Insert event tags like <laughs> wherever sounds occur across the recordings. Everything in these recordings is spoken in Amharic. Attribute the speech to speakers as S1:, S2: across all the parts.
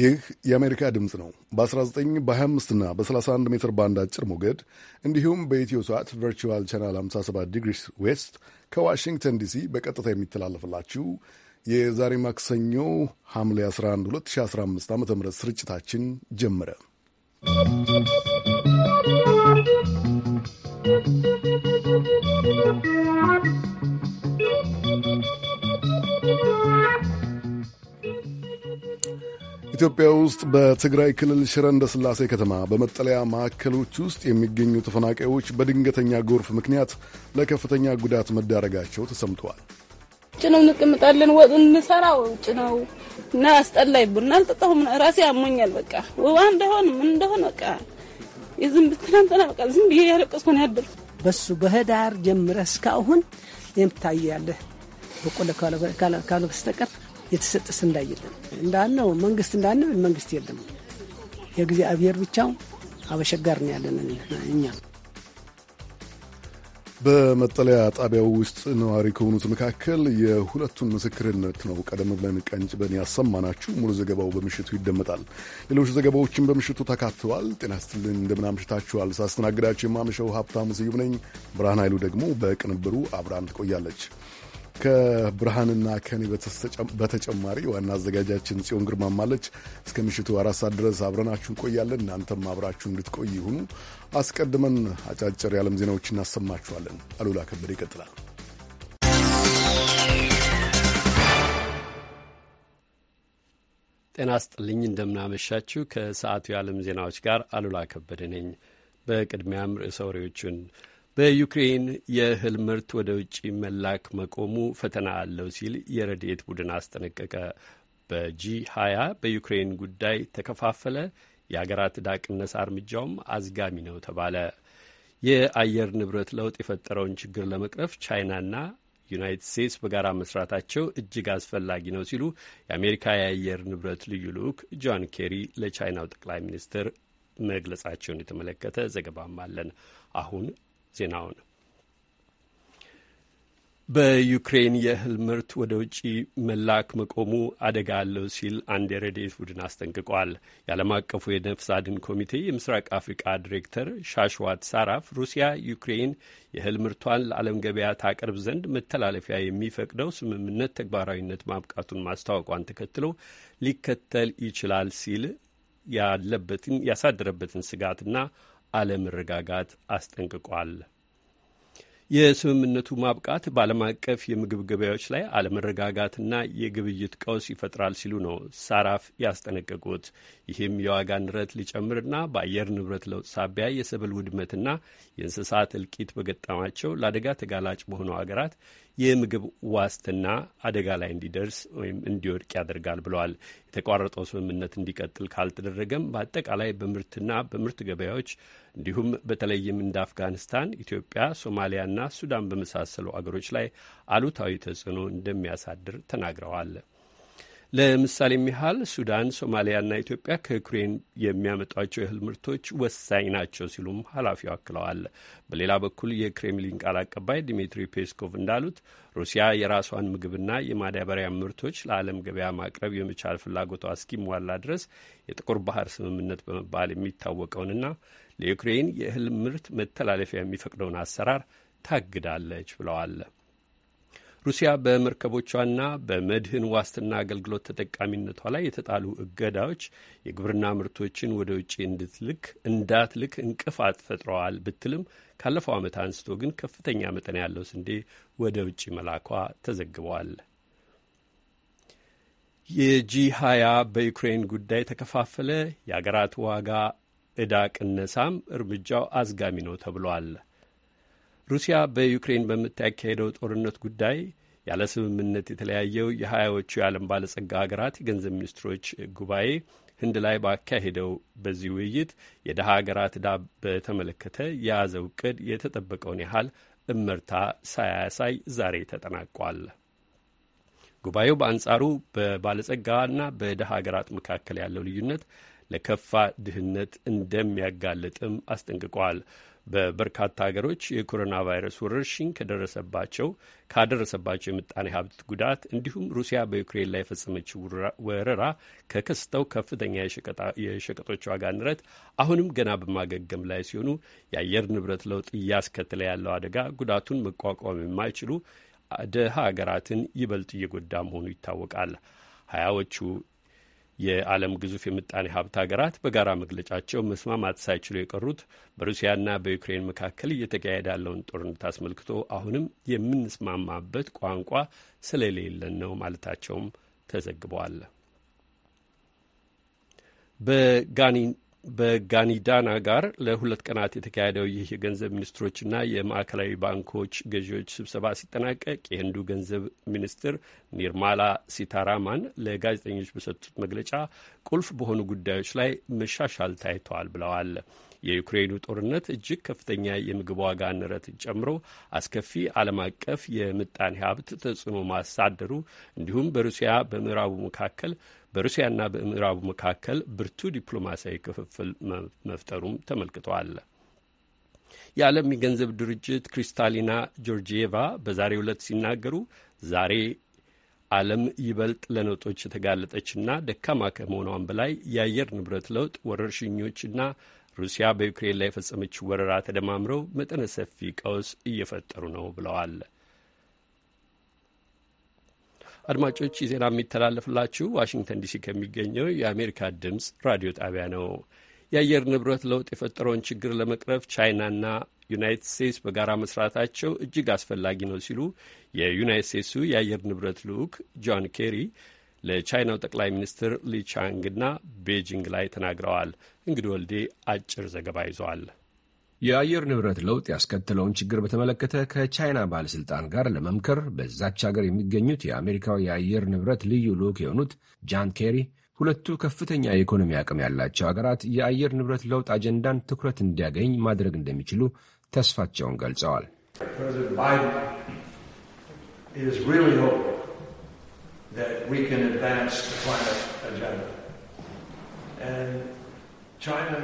S1: ይህ የአሜሪካ ድምፅ ነው። በ19 በ25 እና በ31 ሜትር ባንድ አጭር ሞገድ እንዲሁም በኢትዮ ሰዓት ቨርቹዋል ቻናል 57 ዲግሪስ ዌስት ከዋሽንግተን ዲሲ በቀጥታ የሚተላለፍላችሁ የዛሬ ማክሰኞ ሐምሌ 11 2015 ዓ ም ስርጭታችን ጀመረ። ¶¶ ኢትዮጵያ ውስጥ በትግራይ ክልል ሽረ እንደ ስላሴ ከተማ በመጠለያ ማዕከሎች ውስጥ የሚገኙ ተፈናቃዮች በድንገተኛ ጎርፍ ምክንያት ለከፍተኛ ጉዳት መዳረጋቸው ተሰምተዋል።
S2: ውጭ ነው እንቀምጣለን፣ ወጥ እንሰራው ውጭ ነው እና አስጠላይ ቡና አልጠጣሁም። ራሴ አሞኛል። በቃ ወባ እንደሆን ምን እንደሆን በቃ የዝም ትናንትና በቃ ዝም ብዬ ያለቀስኩ ነው ያደር
S3: በሱ በህዳር ጀምረ እስካሁን የምታየ ያለህ በቆለ ካለ በስተቀር የተሰጠ ስንዴ የለም። እንዳልነው መንግስት እንዳንብል መንግስት የለም። የእግዚአብሔር ብቻው አበሸጋር ነው ያለን እኛ።
S1: በመጠለያ ጣቢያው ውስጥ ነዋሪ ከሆኑት መካከል የሁለቱን ምስክርነት ነው ቀደም ብለን ቀንጭበን ያሰማናችሁ። ሙሉ ዘገባው በምሽቱ ይደመጣል። ሌሎች ዘገባዎችን በምሽቱ ተካተዋል። ጤና ይስጥልን፣ እንደምናምሽታችኋል። ሳስተናግዳችሁ የማመሸው ሀብታሙ ስዩም ነኝ። ብርሃን ኃይሉ ደግሞ በቅንብሩ አብራን ትቆያለች። ከብርሃንና ከኔ በተጨማሪ ዋና አዘጋጃችን ጽዮን ግርማ ማለች። እስከ ምሽቱ አራት ሰዓት ድረስ አብረናችሁ እንቆያለን። እናንተም አብራችሁ እንድትቆይ ይሁኑ። አስቀድመን አጫጭር የዓለም ዜናዎች እናሰማችኋለን። አሉላ ከበደ ይቀጥላል።
S4: ጤና ስጥልኝ እንደምናመሻችሁ። ከሰዓቱ የዓለም ዜናዎች ጋር አሉላ ከበደ ነኝ። በቅድሚያም ርዕሰ ወሬዎቹን በዩክሬን የእህል ምርት ወደ ውጭ መላክ መቆሙ ፈተና አለው ሲል የረድኤት ቡድን አስጠነቀቀ። በጂ 20 በዩክሬን ጉዳይ ተከፋፈለ። የአገራት ዕዳ ቅነሳ እርምጃውም አዝጋሚ ነው ተባለ። የአየር ንብረት ለውጥ የፈጠረውን ችግር ለመቅረፍ ቻይናና ዩናይትድ ስቴትስ በጋራ መስራታቸው እጅግ አስፈላጊ ነው ሲሉ የአሜሪካ የአየር ንብረት ልዩ ልዑክ ጆን ኬሪ ለቻይናው ጠቅላይ ሚኒስትር መግለጻቸውን የተመለከተ ዘገባም አለን። አሁን ዜናውን በዩክሬን የእህል ምርት ወደ ውጪ መላክ መቆሙ አደጋ አለው ሲል አንድ የረድኤት ቡድን አስጠንቅቋል። የዓለም አቀፉ የነፍስ አድን ኮሚቴ የምስራቅ አፍሪቃ ዲሬክተር ሻሽዋት ሳራፍ ሩሲያ ዩክሬን የእህል ምርቷን ለዓለም ገበያ ታቀርብ ዘንድ መተላለፊያ የሚፈቅደው ስምምነት ተግባራዊነት ማብቃቱን ማስታወቋን ተከትሎ ሊከተል ይችላል ሲል ያለበትን ያሳደረበትን ስጋትና አለመረጋጋት አስጠንቅቋል። የስምምነቱ ማብቃት በዓለም አቀፍ የምግብ ገበያዎች ላይ አለመረጋጋትና የግብይት ቀውስ ይፈጥራል ሲሉ ነው ሳራፍ ያስጠነቀቁት። ይህም የዋጋ ንረት ሊጨምርና በአየር ንብረት ለውጥ ሳቢያ የሰብል ውድመትና የእንስሳት እልቂት በገጠማቸው ለአደጋ ተጋላጭ በሆኑ ሀገራት የምግብ ዋስትና አደጋ ላይ እንዲደርስ ወይም እንዲወድቅ ያደርጋል ብለዋል። የተቋረጠው ስምምነት እንዲቀጥል ካልተደረገም በአጠቃላይ በምርትና በምርት ገበያዎች እንዲሁም በተለይም እንደ አፍጋኒስታን፣ ኢትዮጵያ፣ ሶማሊያና ሱዳን በመሳሰሉ አገሮች ላይ አሉታዊ ተጽዕኖ እንደሚያሳድር ተናግረዋል። ለምሳሌም ያህል ሱዳን፣ ሶማሊያና ኢትዮጵያ ከዩክሬን የሚያመጧቸው የእህል ምርቶች ወሳኝ ናቸው ሲሉም ኃላፊው አክለዋል። በሌላ በኩል የክሬምሊን ቃል አቀባይ ዲሚትሪ ፔስኮቭ እንዳሉት ሩሲያ የራሷን ምግብና የማዳበሪያ ምርቶች ለዓለም ገበያ ማቅረብ የመቻል ፍላጎቷ እስኪሟላ ድረስ የጥቁር ባህር ስምምነት በመባል የሚታወቀውንና ለዩክሬን የእህል ምርት መተላለፊያ የሚፈቅደውን አሰራር ታግዳለች ብለዋል። ሩሲያ በመርከቦቿና በመድህን ዋስትና አገልግሎት ተጠቃሚነቷ ላይ የተጣሉ እገዳዎች የግብርና ምርቶችን ወደ ውጭ እንድትልክ እንዳትልክ እንቅፋት ፈጥረዋል ብትልም ካለፈው ዓመት አንስቶ ግን ከፍተኛ መጠን ያለው ስንዴ ወደ ውጭ መላኳ ተዘግቧል። የጂ ሀያ በዩክሬን ጉዳይ ተከፋፈለ። የአገራት ዋጋ እዳቅነሳም ቅነሳም እርምጃው አዝጋሚ ነው ተብሏል። ሩሲያ በዩክሬን በምታካሄደው ጦርነት ጉዳይ ያለ ስምምነት የተለያየው የሀያዎቹ የዓለም ባለጸጋ ሀገራት የገንዘብ ሚኒስትሮች ጉባኤ ህንድ ላይ ባካሄደው በዚህ ውይይት የደሃ ሀገራት ዕዳ በተመለከተ የያዘው እቅድ የተጠበቀውን ያህል እመርታ ሳያሳይ ዛሬ ተጠናቋል። ጉባኤው በአንጻሩ በባለጸጋና በደሃ ሀገራት መካከል ያለው ልዩነት ለከፋ ድህነት እንደሚያጋልጥም አስጠንቅቋል። በበርካታ ሀገሮች የኮሮና ቫይረስ ወረርሽኝ ከደረሰባቸው ካደረሰባቸው የምጣኔ ሀብት ጉዳት እንዲሁም ሩሲያ በዩክሬን ላይ የፈጸመችው ወረራ ከከስተው ከፍተኛ የሸቀጦች ዋጋ ንረት አሁንም ገና በማገገም ላይ ሲሆኑ የአየር ንብረት ለውጥ እያስከተለ ያለው አደጋ ጉዳቱን መቋቋም የማይችሉ ደሃ ሀገራትን ይበልጥ እየጎዳ መሆኑ ይታወቃል። ሀያዎቹ የዓለም ግዙፍ የምጣኔ ሀብት ሀገራት በጋራ መግለጫቸው መስማማት ሳይችሉ የቀሩት በሩሲያና በዩክሬን መካከል እየተካሄደ ያለውን ጦርነት አስመልክቶ አሁንም የምንስማማበት ቋንቋ ስለሌለን ነው ማለታቸውም ተዘግበዋል። በጋኒ በጋኒዳና ጋር ለሁለት ቀናት የተካሄደው ይህ የገንዘብ ሚኒስትሮችና የማዕከላዊ ባንኮች ገዢዎች ስብሰባ ሲጠናቀቅ የህንዱ ገንዘብ ሚኒስትር ኒርማላ ሲታራማን ለጋዜጠኞች በሰጡት መግለጫ ቁልፍ በሆኑ ጉዳዮች ላይ መሻሻል ታይተዋል ብለዋል። የዩክሬኑ ጦርነት እጅግ ከፍተኛ የምግብ ዋጋ ንረትን ጨምሮ አስከፊ ዓለም አቀፍ የምጣኔ ሀብት ተጽዕኖ ማሳደሩ እንዲሁም በሩሲያ በምዕራቡ መካከል በሩሲያና በምዕራቡ መካከል ብርቱ ዲፕሎማሲያዊ ክፍፍል መፍጠሩም ተመልክቷል። የዓለም የገንዘብ ድርጅት ክሪስታሊና ጆርጂየቫ በዛሬው ዕለት ሲናገሩ ዛሬ ዓለም ይበልጥ ለነውጦች የተጋለጠችና ደካማ ከመሆኗን በላይ የአየር ንብረት ለውጥ ወረርሽኞችና ሩሲያ በዩክሬን ላይ የፈጸመችው ወረራ ተደማምረው መጠነ ሰፊ ቀውስ እየፈጠሩ ነው ብለዋል። አድማጮች ዜና የሚተላለፍላችሁ ዋሽንግተን ዲሲ ከሚገኘው የአሜሪካ ድምፅ ራዲዮ ጣቢያ ነው። የአየር ንብረት ለውጥ የፈጠረውን ችግር ለመቅረፍ ቻይናና ዩናይትድ ስቴትስ በጋራ መስራታቸው እጅግ አስፈላጊ ነው ሲሉ የዩናይትድ ስቴትሱ የአየር ንብረት ልዑክ ጆን ኬሪ ለቻይናው ጠቅላይ ሚኒስትር ሊ ቻንግና ቤጂንግ ላይ ተናግረዋል። እንግዲህ ወልዴ አጭር ዘገባ ይዘዋል።
S5: የአየር ንብረት ለውጥ ያስከተለውን ችግር በተመለከተ ከቻይና ባለሥልጣን ጋር ለመምከር በዛች ሀገር የሚገኙት የአሜሪካው የአየር ንብረት ልዩ ልዑክ የሆኑት ጃን ኬሪ ሁለቱ ከፍተኛ የኢኮኖሚ አቅም ያላቸው ሀገራት የአየር ንብረት ለውጥ አጀንዳን ትኩረት እንዲያገኝ ማድረግ እንደሚችሉ ተስፋቸውን ገልጸዋል።
S6: ፕሬዚደንት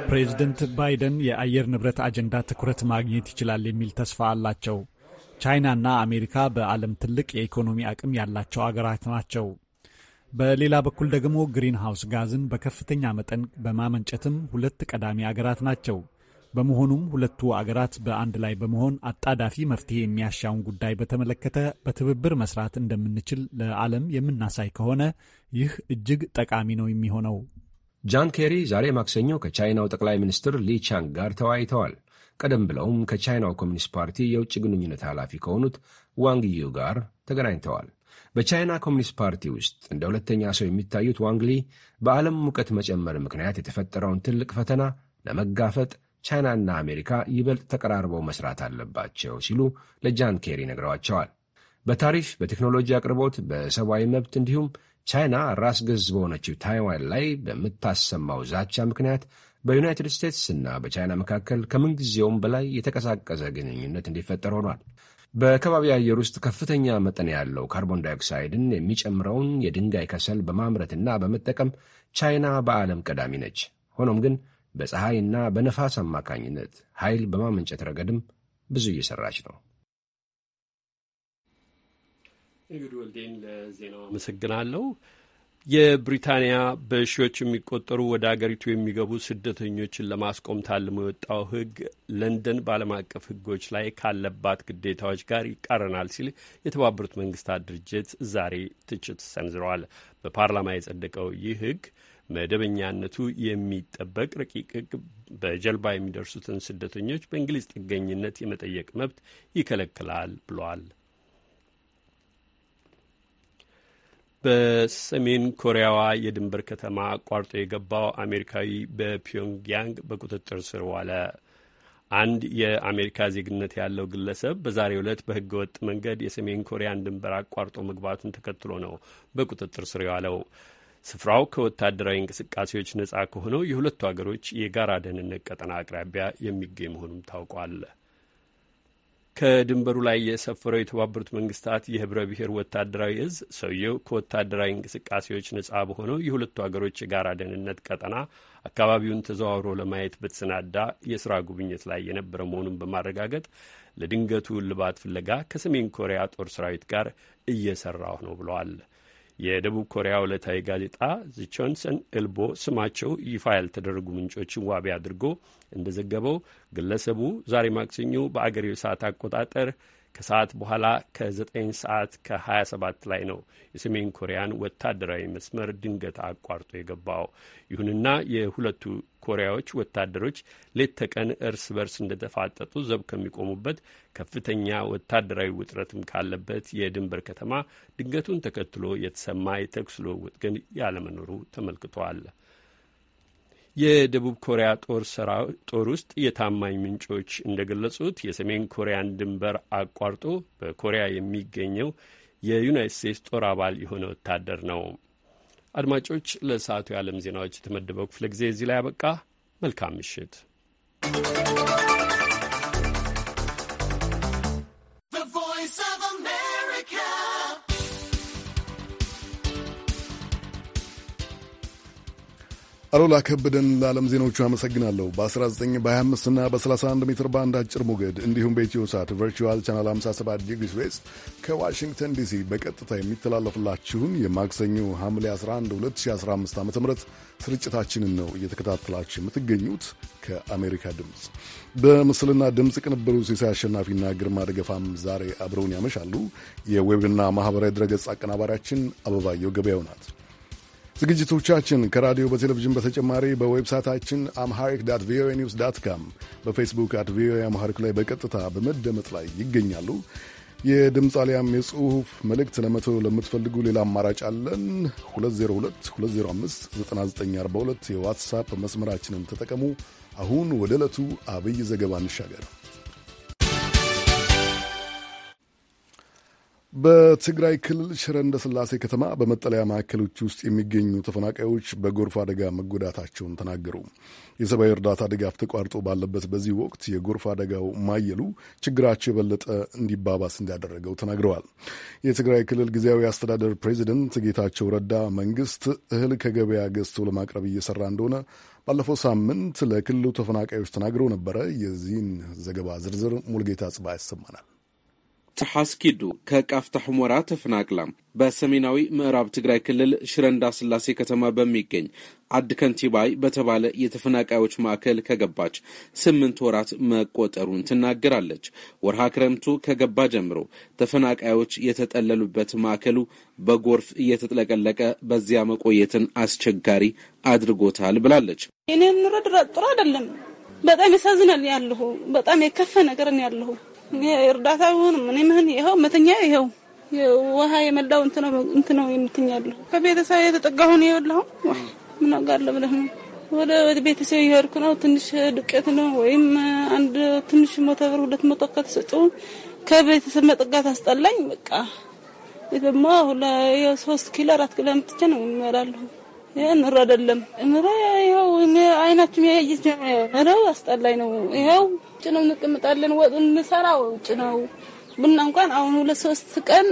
S6: ፕሬዚደንት
S7: ባይደን የአየር ንብረት አጀንዳ ትኩረት ማግኘት ይችላል የሚል ተስፋ አላቸው። ቻይናና አሜሪካ በዓለም ትልቅ የኢኮኖሚ አቅም ያላቸው አገራት ናቸው። በሌላ በኩል ደግሞ ግሪንሃውስ ጋዝን በከፍተኛ መጠን በማመንጨትም ሁለት ቀዳሚ አገራት ናቸው። በመሆኑም ሁለቱ አገራት በአንድ ላይ በመሆን አጣዳፊ መፍትሄ የሚያሻውን ጉዳይ በተመለከተ በትብብር መስራት እንደምንችል ለዓለም የምናሳይ ከሆነ ይህ እጅግ ጠቃሚ ነው የሚሆነው።
S5: ጃን ኬሪ ዛሬ ማክሰኞ ከቻይናው ጠቅላይ ሚኒስትር ሊ ቻንግ ጋር ተወያይተዋል። ቀደም ብለውም ከቻይናው ኮሚኒስት ፓርቲ የውጭ ግንኙነት ኃላፊ ከሆኑት ዋንግዩ ጋር ተገናኝተዋል። በቻይና ኮሚኒስት ፓርቲ ውስጥ እንደ ሁለተኛ ሰው የሚታዩት ዋንግሊ በዓለም ሙቀት መጨመር ምክንያት የተፈጠረውን ትልቅ ፈተና ለመጋፈጥ ቻይናና አሜሪካ ይበልጥ ተቀራርበው መስራት አለባቸው ሲሉ ለጃን ኬሪ ነግረዋቸዋል። በታሪፍ፣ በቴክኖሎጂ አቅርቦት፣ በሰብአዊ መብት እንዲሁም ቻይና ራስ ገዝ በሆነችው ታይዋን ላይ በምታሰማው ዛቻ ምክንያት በዩናይትድ ስቴትስ እና በቻይና መካከል ከምንጊዜውም በላይ የተቀሳቀሰ ግንኙነት እንዲፈጠር ሆኗል። በከባቢ አየር ውስጥ ከፍተኛ መጠን ያለው ካርቦን ዳይኦክሳይድን የሚጨምረውን የድንጋይ ከሰል በማምረትና በመጠቀም ቻይና በዓለም ቀዳሚ ነች። ሆኖም ግን በፀሐይና በነፋስ አማካኝነት ኃይል
S4: በማመንጨት ረገድም ብዙ እየሰራች ነው። እንግዲህ ወልዴን ለዜናው አመሰግናለሁ። የብሪታንያ በሺዎች የሚቆጠሩ ወደ አገሪቱ የሚገቡ ስደተኞችን ለማስቆም ታልሞ የወጣው ሕግ ለንደን በዓለም አቀፍ ሕጎች ላይ ካለባት ግዴታዎች ጋር ይቃረናል ሲል የተባበሩት መንግስታት ድርጅት ዛሬ ትችት ሰንዝረዋል። በፓርላማ የጸደቀው ይህ ሕግ መደበኛነቱ የሚጠበቅ ረቂቅ ሕግ በጀልባ የሚደርሱትን ስደተኞች በእንግሊዝ ጥገኝነት የመጠየቅ መብት ይከለክላል ብሏል። በሰሜን ኮሪያዋ የድንበር ከተማ አቋርጦ የገባው አሜሪካዊ በፒዮንግያንግ በቁጥጥር ስር ዋለ። አንድ የአሜሪካ ዜግነት ያለው ግለሰብ በዛሬው ዕለት በህገ ወጥ መንገድ የሰሜን ኮሪያን ድንበር አቋርጦ መግባቱን ተከትሎ ነው በቁጥጥር ስር የዋለው። ስፍራው ከወታደራዊ እንቅስቃሴዎች ነጻ ከሆነው የሁለቱ ሀገሮች የጋራ ደህንነት ቀጠና አቅራቢያ የሚገኝ መሆኑም ታውቋል። ከድንበሩ ላይ የሰፈረው የተባበሩት መንግስታት የህብረ ብሔር ወታደራዊ እዝ ሰውየው ከወታደራዊ እንቅስቃሴዎች ነጻ በሆነው የሁለቱ ሀገሮች የጋራ ደህንነት ቀጠና አካባቢውን ተዘዋውሮ ለማየት በተሰናዳ የስራ ጉብኝት ላይ የነበረ መሆኑን በማረጋገጥ ለድንገቱ እልባት ፍለጋ ከሰሜን ኮሪያ ጦር ሰራዊት ጋር እየሰራሁ ነው ብለዋል። የደቡብ ኮሪያ ዕለታዊ ጋዜጣ ዚቾንሰን እልቦ ስማቸው ይፋ ያልተደረጉ ምንጮችን ዋቢ አድርጎ እንደዘገበው ግለሰቡ ዛሬ ማክሰኞ በአገሬው ሰዓት አቆጣጠር ከሰዓት በኋላ ከ9 ሰዓት ከ27 ላይ ነው የሰሜን ኮሪያን ወታደራዊ መስመር ድንገት አቋርጦ የገባው። ይሁንና የሁለቱ ኮሪያዎች ወታደሮች ሌት ተቀን እርስ በርስ እንደተፋጠጡ ዘብ ከሚቆሙበት ከፍተኛ ወታደራዊ ውጥረትም ካለበት የድንበር ከተማ ድንገቱን ተከትሎ የተሰማ የተኩስ ልውውጥ ግን ያለመኖሩ ተመልክቷል። የደቡብ ኮሪያ ጦር ጦር ውስጥ የታማኝ ምንጮች እንደገለጹት የሰሜን ኮሪያን ድንበር አቋርጦ በኮሪያ የሚገኘው የዩናይት ስቴትስ ጦር አባል የሆነ ወታደር ነው። አድማጮች፣ ለሰዓቱ የዓለም ዜናዎች የተመደበው ክፍለ ጊዜ እዚህ ላይ አበቃ። መልካም ምሽት።
S1: አሉላ ከበደን ለዓለም ዜናዎቹ አመሰግናለሁ። በ19 በ25 እና በ31 ሜትር ባንድ አጭር ሞገድ እንዲሁም በኢትዮ ሳት ቨርቹዋል ቻናል 57 ዲግሪ ዌስት ከዋሽንግተን ዲሲ በቀጥታ የሚተላለፍላችሁን የማክሰኞ ሐምሌ 11 2015 ዓ ም ስርጭታችንን ነው እየተከታተላችሁ የምትገኙት ከአሜሪካ ድምፅ። በምስልና ድምፅ ቅንብሩ ሲሳይ አሸናፊና ግርማ ደገፋም ዛሬ አብረውን ያመሻሉ። የዌብና ማኅበራዊ ድረገጽ አቀናባሪያችን አበባየው ገበያው ናት። ዝግጅቶቻችን ከራዲዮ በቴሌቪዥን በተጨማሪ በዌብሳይታችን አምሃሪክ ዳት ቪኦኤ ኒውስ ዳት ካም በፌስቡክ አት ቪኦኤ አምሃሪክ ላይ በቀጥታ በመደመጥ ላይ ይገኛሉ። የድምፅ አሊያም የጽሑፍ መልእክት ለመተው ለምትፈልጉ ሌላ አማራጭ አለን። 2022059942 የዋትሳፕ መስመራችንን ተጠቀሙ። አሁን ወደ ዕለቱ አብይ ዘገባ እንሻገር። በትግራይ ክልል ሽረ እንደ ስላሴ ከተማ በመጠለያ ማዕከሎች ውስጥ የሚገኙ ተፈናቃዮች በጎርፍ አደጋ መጎዳታቸውን ተናገሩ። የሰብአዊ እርዳታ ድጋፍ ተቋርጦ ባለበት በዚህ ወቅት የጎርፍ አደጋው ማየሉ ችግራቸው የበለጠ እንዲባባስ እንዳደረገው ተናግረዋል። የትግራይ ክልል ጊዜያዊ አስተዳደር ፕሬዚደንት ጌታቸው ረዳ መንግስት እህል ከገበያ ገዝቶ ለማቅረብ እየሰራ እንደሆነ ባለፈው ሳምንት ለክልሉ ተፈናቃዮች ተናግረው ነበረ። የዚህን ዘገባ ዝርዝር ሙልጌታ ጽባ ያሰማናል።
S8: ተሓስኪዱ ከቃፍታ ሑሞራ ተፈናቅላ በሰሜናዊ ምዕራብ ትግራይ ክልል ሽረ ስላሴ ከተማ በሚገኝ አድ ከንቲባይ በተባለ የተፈናቃዮች ማዕከል ከገባች ስምንት ወራት መቆጠሩን ትናገራለች። ወርሃ ክረምቱ ከገባ ጀምሮ ተፈናቃዮች የተጠለሉበት ማዕከሉ በጎርፍ እየተጥለቀለቀ በዚያ መቆየትን አስቸጋሪ አድርጎታል ብላለች።
S2: እኔ ኑሮ ጥሩ አይደለም። በጣም ያሳዝናል። ያለሁ በጣም የከፋ ነገር ያለሁ እርዳታ ሆን ምን ምህን ይኸው መተኛ ይኸው ውሃ የመላው እንት ነው የምትኛለሁ ከቤተሰብ የተጠጋሁን ይኸውልህ ምን አጋለ ብለህ ነው ወደ ቤተሰብ እየሄድኩ ነው። ትንሽ ዱቄት ነው ወይም አንድ ትንሽ ሞተ ብር ሁለት መቶ ከተሰጡ ከቤተሰብ መጠጋት አስጠላኝ። በቃ ደግሞ ሶስት ኪሎ አራት ኪሎ ምጥቼ ነው ይመራለሁ ይሄ ኑሮ አይደለም። ኑሮ ይኸው አይናችን ያየት ኑሮ አስጠላኝ ነው። ይኸው ውጭ ነው እንቀምጣለን፣ ወጥ እንሰራው ውጭ ነው። ቡና እንኳን አሁን ሁለት ሶስት ቀን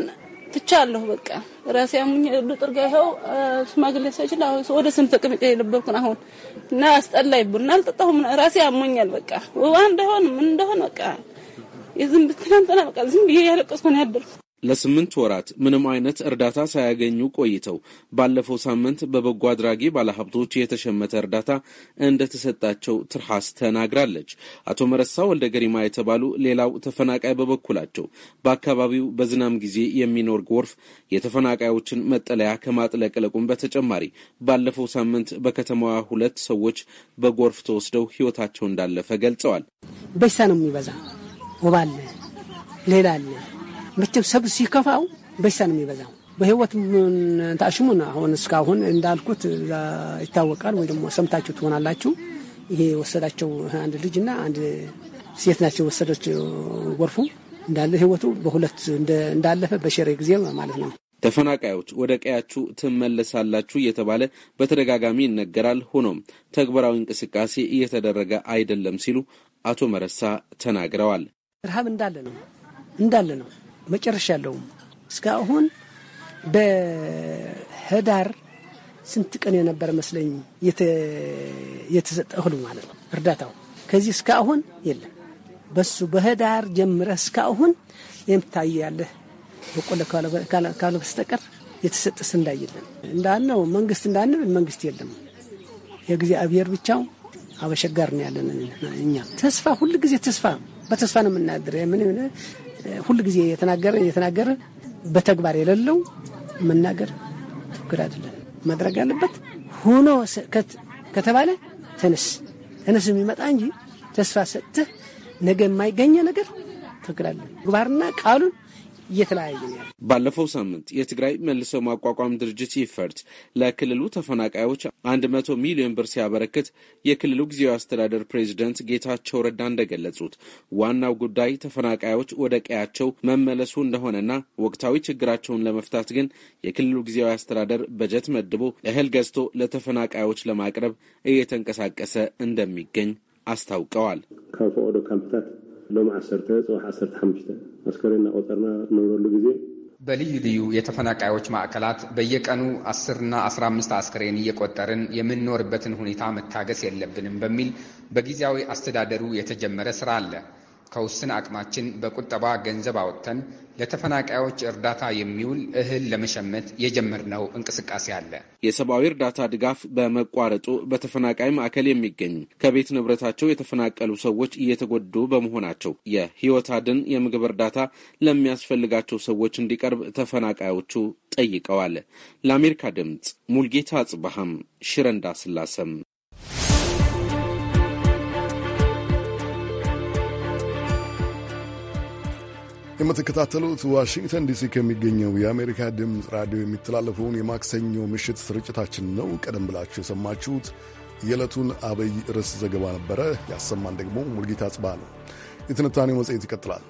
S2: ትቻለሁ። በቃ ራሴ አሙኝ ልጥር ጋር ይኸው ሽማግሌ ሰዎች ወደ ስም ተቀምጬ የነበርኩን አሁን እና አስጠላኝ። ቡና አልጠጣሁም፣ ራሴ አሞኛል። በቃ ውሃ እንደሆን ምን እንደሆን በቃ የዝም ብትናንተና በቃ ዝም ብዬ ያለቀስኩ ነው ያደርኩት።
S8: ለስምንት ወራት ምንም አይነት እርዳታ ሳያገኙ ቆይተው ባለፈው ሳምንት በበጎ አድራጊ ባለሀብቶች የተሸመተ እርዳታ እንደተሰጣቸው ትርሃስ ተናግራለች። አቶ መረሳ ወልደ ገሪማ የተባሉ ሌላው ተፈናቃይ በበኩላቸው በአካባቢው በዝናም ጊዜ የሚኖር ጎርፍ የተፈናቃዮችን መጠለያ ከማጥለቅለቁም በተጨማሪ ባለፈው ሳምንት በከተማዋ ሁለት ሰዎች በጎርፍ ተወስደው ህይወታቸው እንዳለፈ ገልጸዋል።
S3: በሽታ ነው የሚበዛ፣ ወባ ሌላ አለ መቼም ሰብ ሲከፋው በሽታ ነው የሚበዛው። በህይወት ታሽሙን አሁን እስካሁን እንዳልኩት ይታወቃል፣ ወይ ደግሞ ሰምታችሁ ትሆናላችሁ። ይሄ የወሰዳቸው አንድ ልጅ እና አንድ ሴት ናቸው የወሰደች ጎርፉ እንዳለ ህይወቱ በሁለት እንዳለፈ በሸረ ጊዜ ማለት
S8: ነው። ተፈናቃዮች ወደ ቀያችሁ ትመለሳላችሁ እየተባለ በተደጋጋሚ ይነገራል። ሆኖም ተግባራዊ እንቅስቃሴ እየተደረገ አይደለም ሲሉ አቶ መረሳ ተናግረዋል።
S3: ረሃብ እንዳለ ነው እንዳለ ነው መጨረሻ ያለውም እስካሁን በህዳር ስንት ቀን የነበረ መስለኝ የተሰጠ እህሉ ማለት ነው እርዳታው። ከዚህ እስካሁን የለም። በሱ በህዳር ጀምረህ እስካሁን የምታየ ያለህ በቆሎ ካለ በስተቀር የተሰጠ ስንዳ የለም። እንዳልነው መንግስት እንዳንል መንግስት የለም። የእግዚአብሔር ብቻው አበሸጋር ነው ያለን እኛ። ተስፋ ጊዜ ተስፋ በተስፋ ነው የምናድር። ሁልጊዜ የተናገረ የተናገረ በተግባር የሌለው መናገር ችግር አይደለም። ማድረግ ያለበት ሆኖ ከተባለ ተነስ ተነስ የሚመጣ እንጂ ተስፋ ሰጥተህ ነገ የማይገኘ ነገር ትክክል አለ። ግባርና ቃሉን እየተለያየ ነው።
S8: ባለፈው ሳምንት የትግራይ መልሶ ማቋቋም ድርጅት ይፈርድ ለክልሉ ተፈናቃዮች አንድ መቶ ሚሊዮን ብር ሲያበረክት የክልሉ ጊዜያዊ አስተዳደር ፕሬዚደንት ጌታቸው ረዳ እንደገለጹት ዋናው ጉዳይ ተፈናቃዮች ወደ ቀያቸው መመለሱ እንደሆነና ወቅታዊ ችግራቸውን ለመፍታት ግን የክልሉ ጊዜያዊ አስተዳደር በጀት መድቦ እህል ገዝቶ ለተፈናቃዮች ለማቅረብ እየተንቀሳቀሰ እንደሚገኝ አስታውቀዋል።
S4: ሎም 1 ፅዋሕ 15 ኣስከሬ እናቆጠርና እነብረሉ ግዜ በልዩ ልዩ
S5: የተፈናቃዮች ማዕከላት በየቀኑ 1 ና 15 አስከሬን እየቆጠርን የምንኖርበትን ሁኔታ መታገስ የለብንም በሚል በጊዜያዊ አስተዳደሩ የተጀመረ ስራ አለ። ከውስን አቅማችን በቁጠባ ገንዘብ አወጥተን ለተፈናቃዮች እርዳታ የሚውል
S8: እህል ለመሸመት የጀመርነው እንቅስቃሴ አለ። የሰብአዊ እርዳታ ድጋፍ በመቋረጡ በተፈናቃይ ማዕከል የሚገኝ ከቤት ንብረታቸው የተፈናቀሉ ሰዎች እየተጎዱ በመሆናቸው የህይወት አድን የምግብ እርዳታ ለሚያስፈልጋቸው ሰዎች እንዲቀርብ ተፈናቃዮቹ ጠይቀዋል። ለአሜሪካ ድምፅ ሙልጌታ አጽባሃም ሽረንዳ ስላሰም።
S1: የምትከታተሉት ዋሽንግተን ዲሲ ከሚገኘው የአሜሪካ ድምፅ ራዲዮ የሚተላለፈውን የማክሰኞ ምሽት ስርጭታችን ነው። ቀደም ብላችሁ የሰማችሁት የዕለቱን አበይ ርዕስ ዘገባ ነበረ። ያሰማን ደግሞ ሙልጌታ ጽባ ነው። የትንታኔው መጽሔት ይቀጥላል።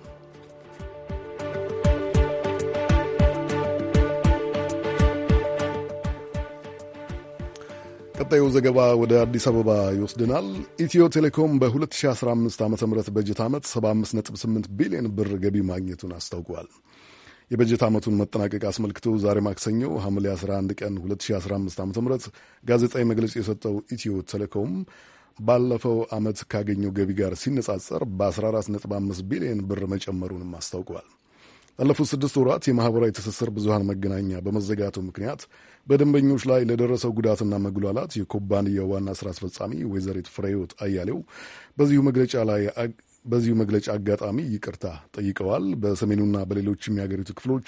S1: ቀጣዩ ዘገባ ወደ አዲስ አበባ ይወስድናል። ኢትዮ ቴሌኮም በ2015 ዓ ም በጀት ዓመት 758 ቢሊዮን ብር ገቢ ማግኘቱን አስታውቋል። የበጀት ዓመቱን መጠናቀቅ አስመልክቶ ዛሬ ማክሰኞ ሐምሌ 11 ቀን 2015 ዓ ም ጋዜጣዊ መግለጫ የሰጠው ኢትዮ ቴሌኮም ባለፈው ዓመት ካገኘው ገቢ ጋር ሲነጻጸር በ14.5 ቢሊዮን ብር መጨመሩንም አስታውቋል። ላለፉት ስድስት ወራት የማኅበራዊ ትስስር ብዙሃን መገናኛ በመዘጋቱ ምክንያት በደንበኞች ላይ ለደረሰው ጉዳትና መጉላላት የኩባንያው ዋና ሥራ አስፈጻሚ ወይዘሪት ፍሬሕይወት አያሌው በዚሁ መግለጫ ላይ በዚሁ መግለጫ አጋጣሚ ይቅርታ ጠይቀዋል። በሰሜኑና በሌሎች የሀገሪቱ ክፍሎች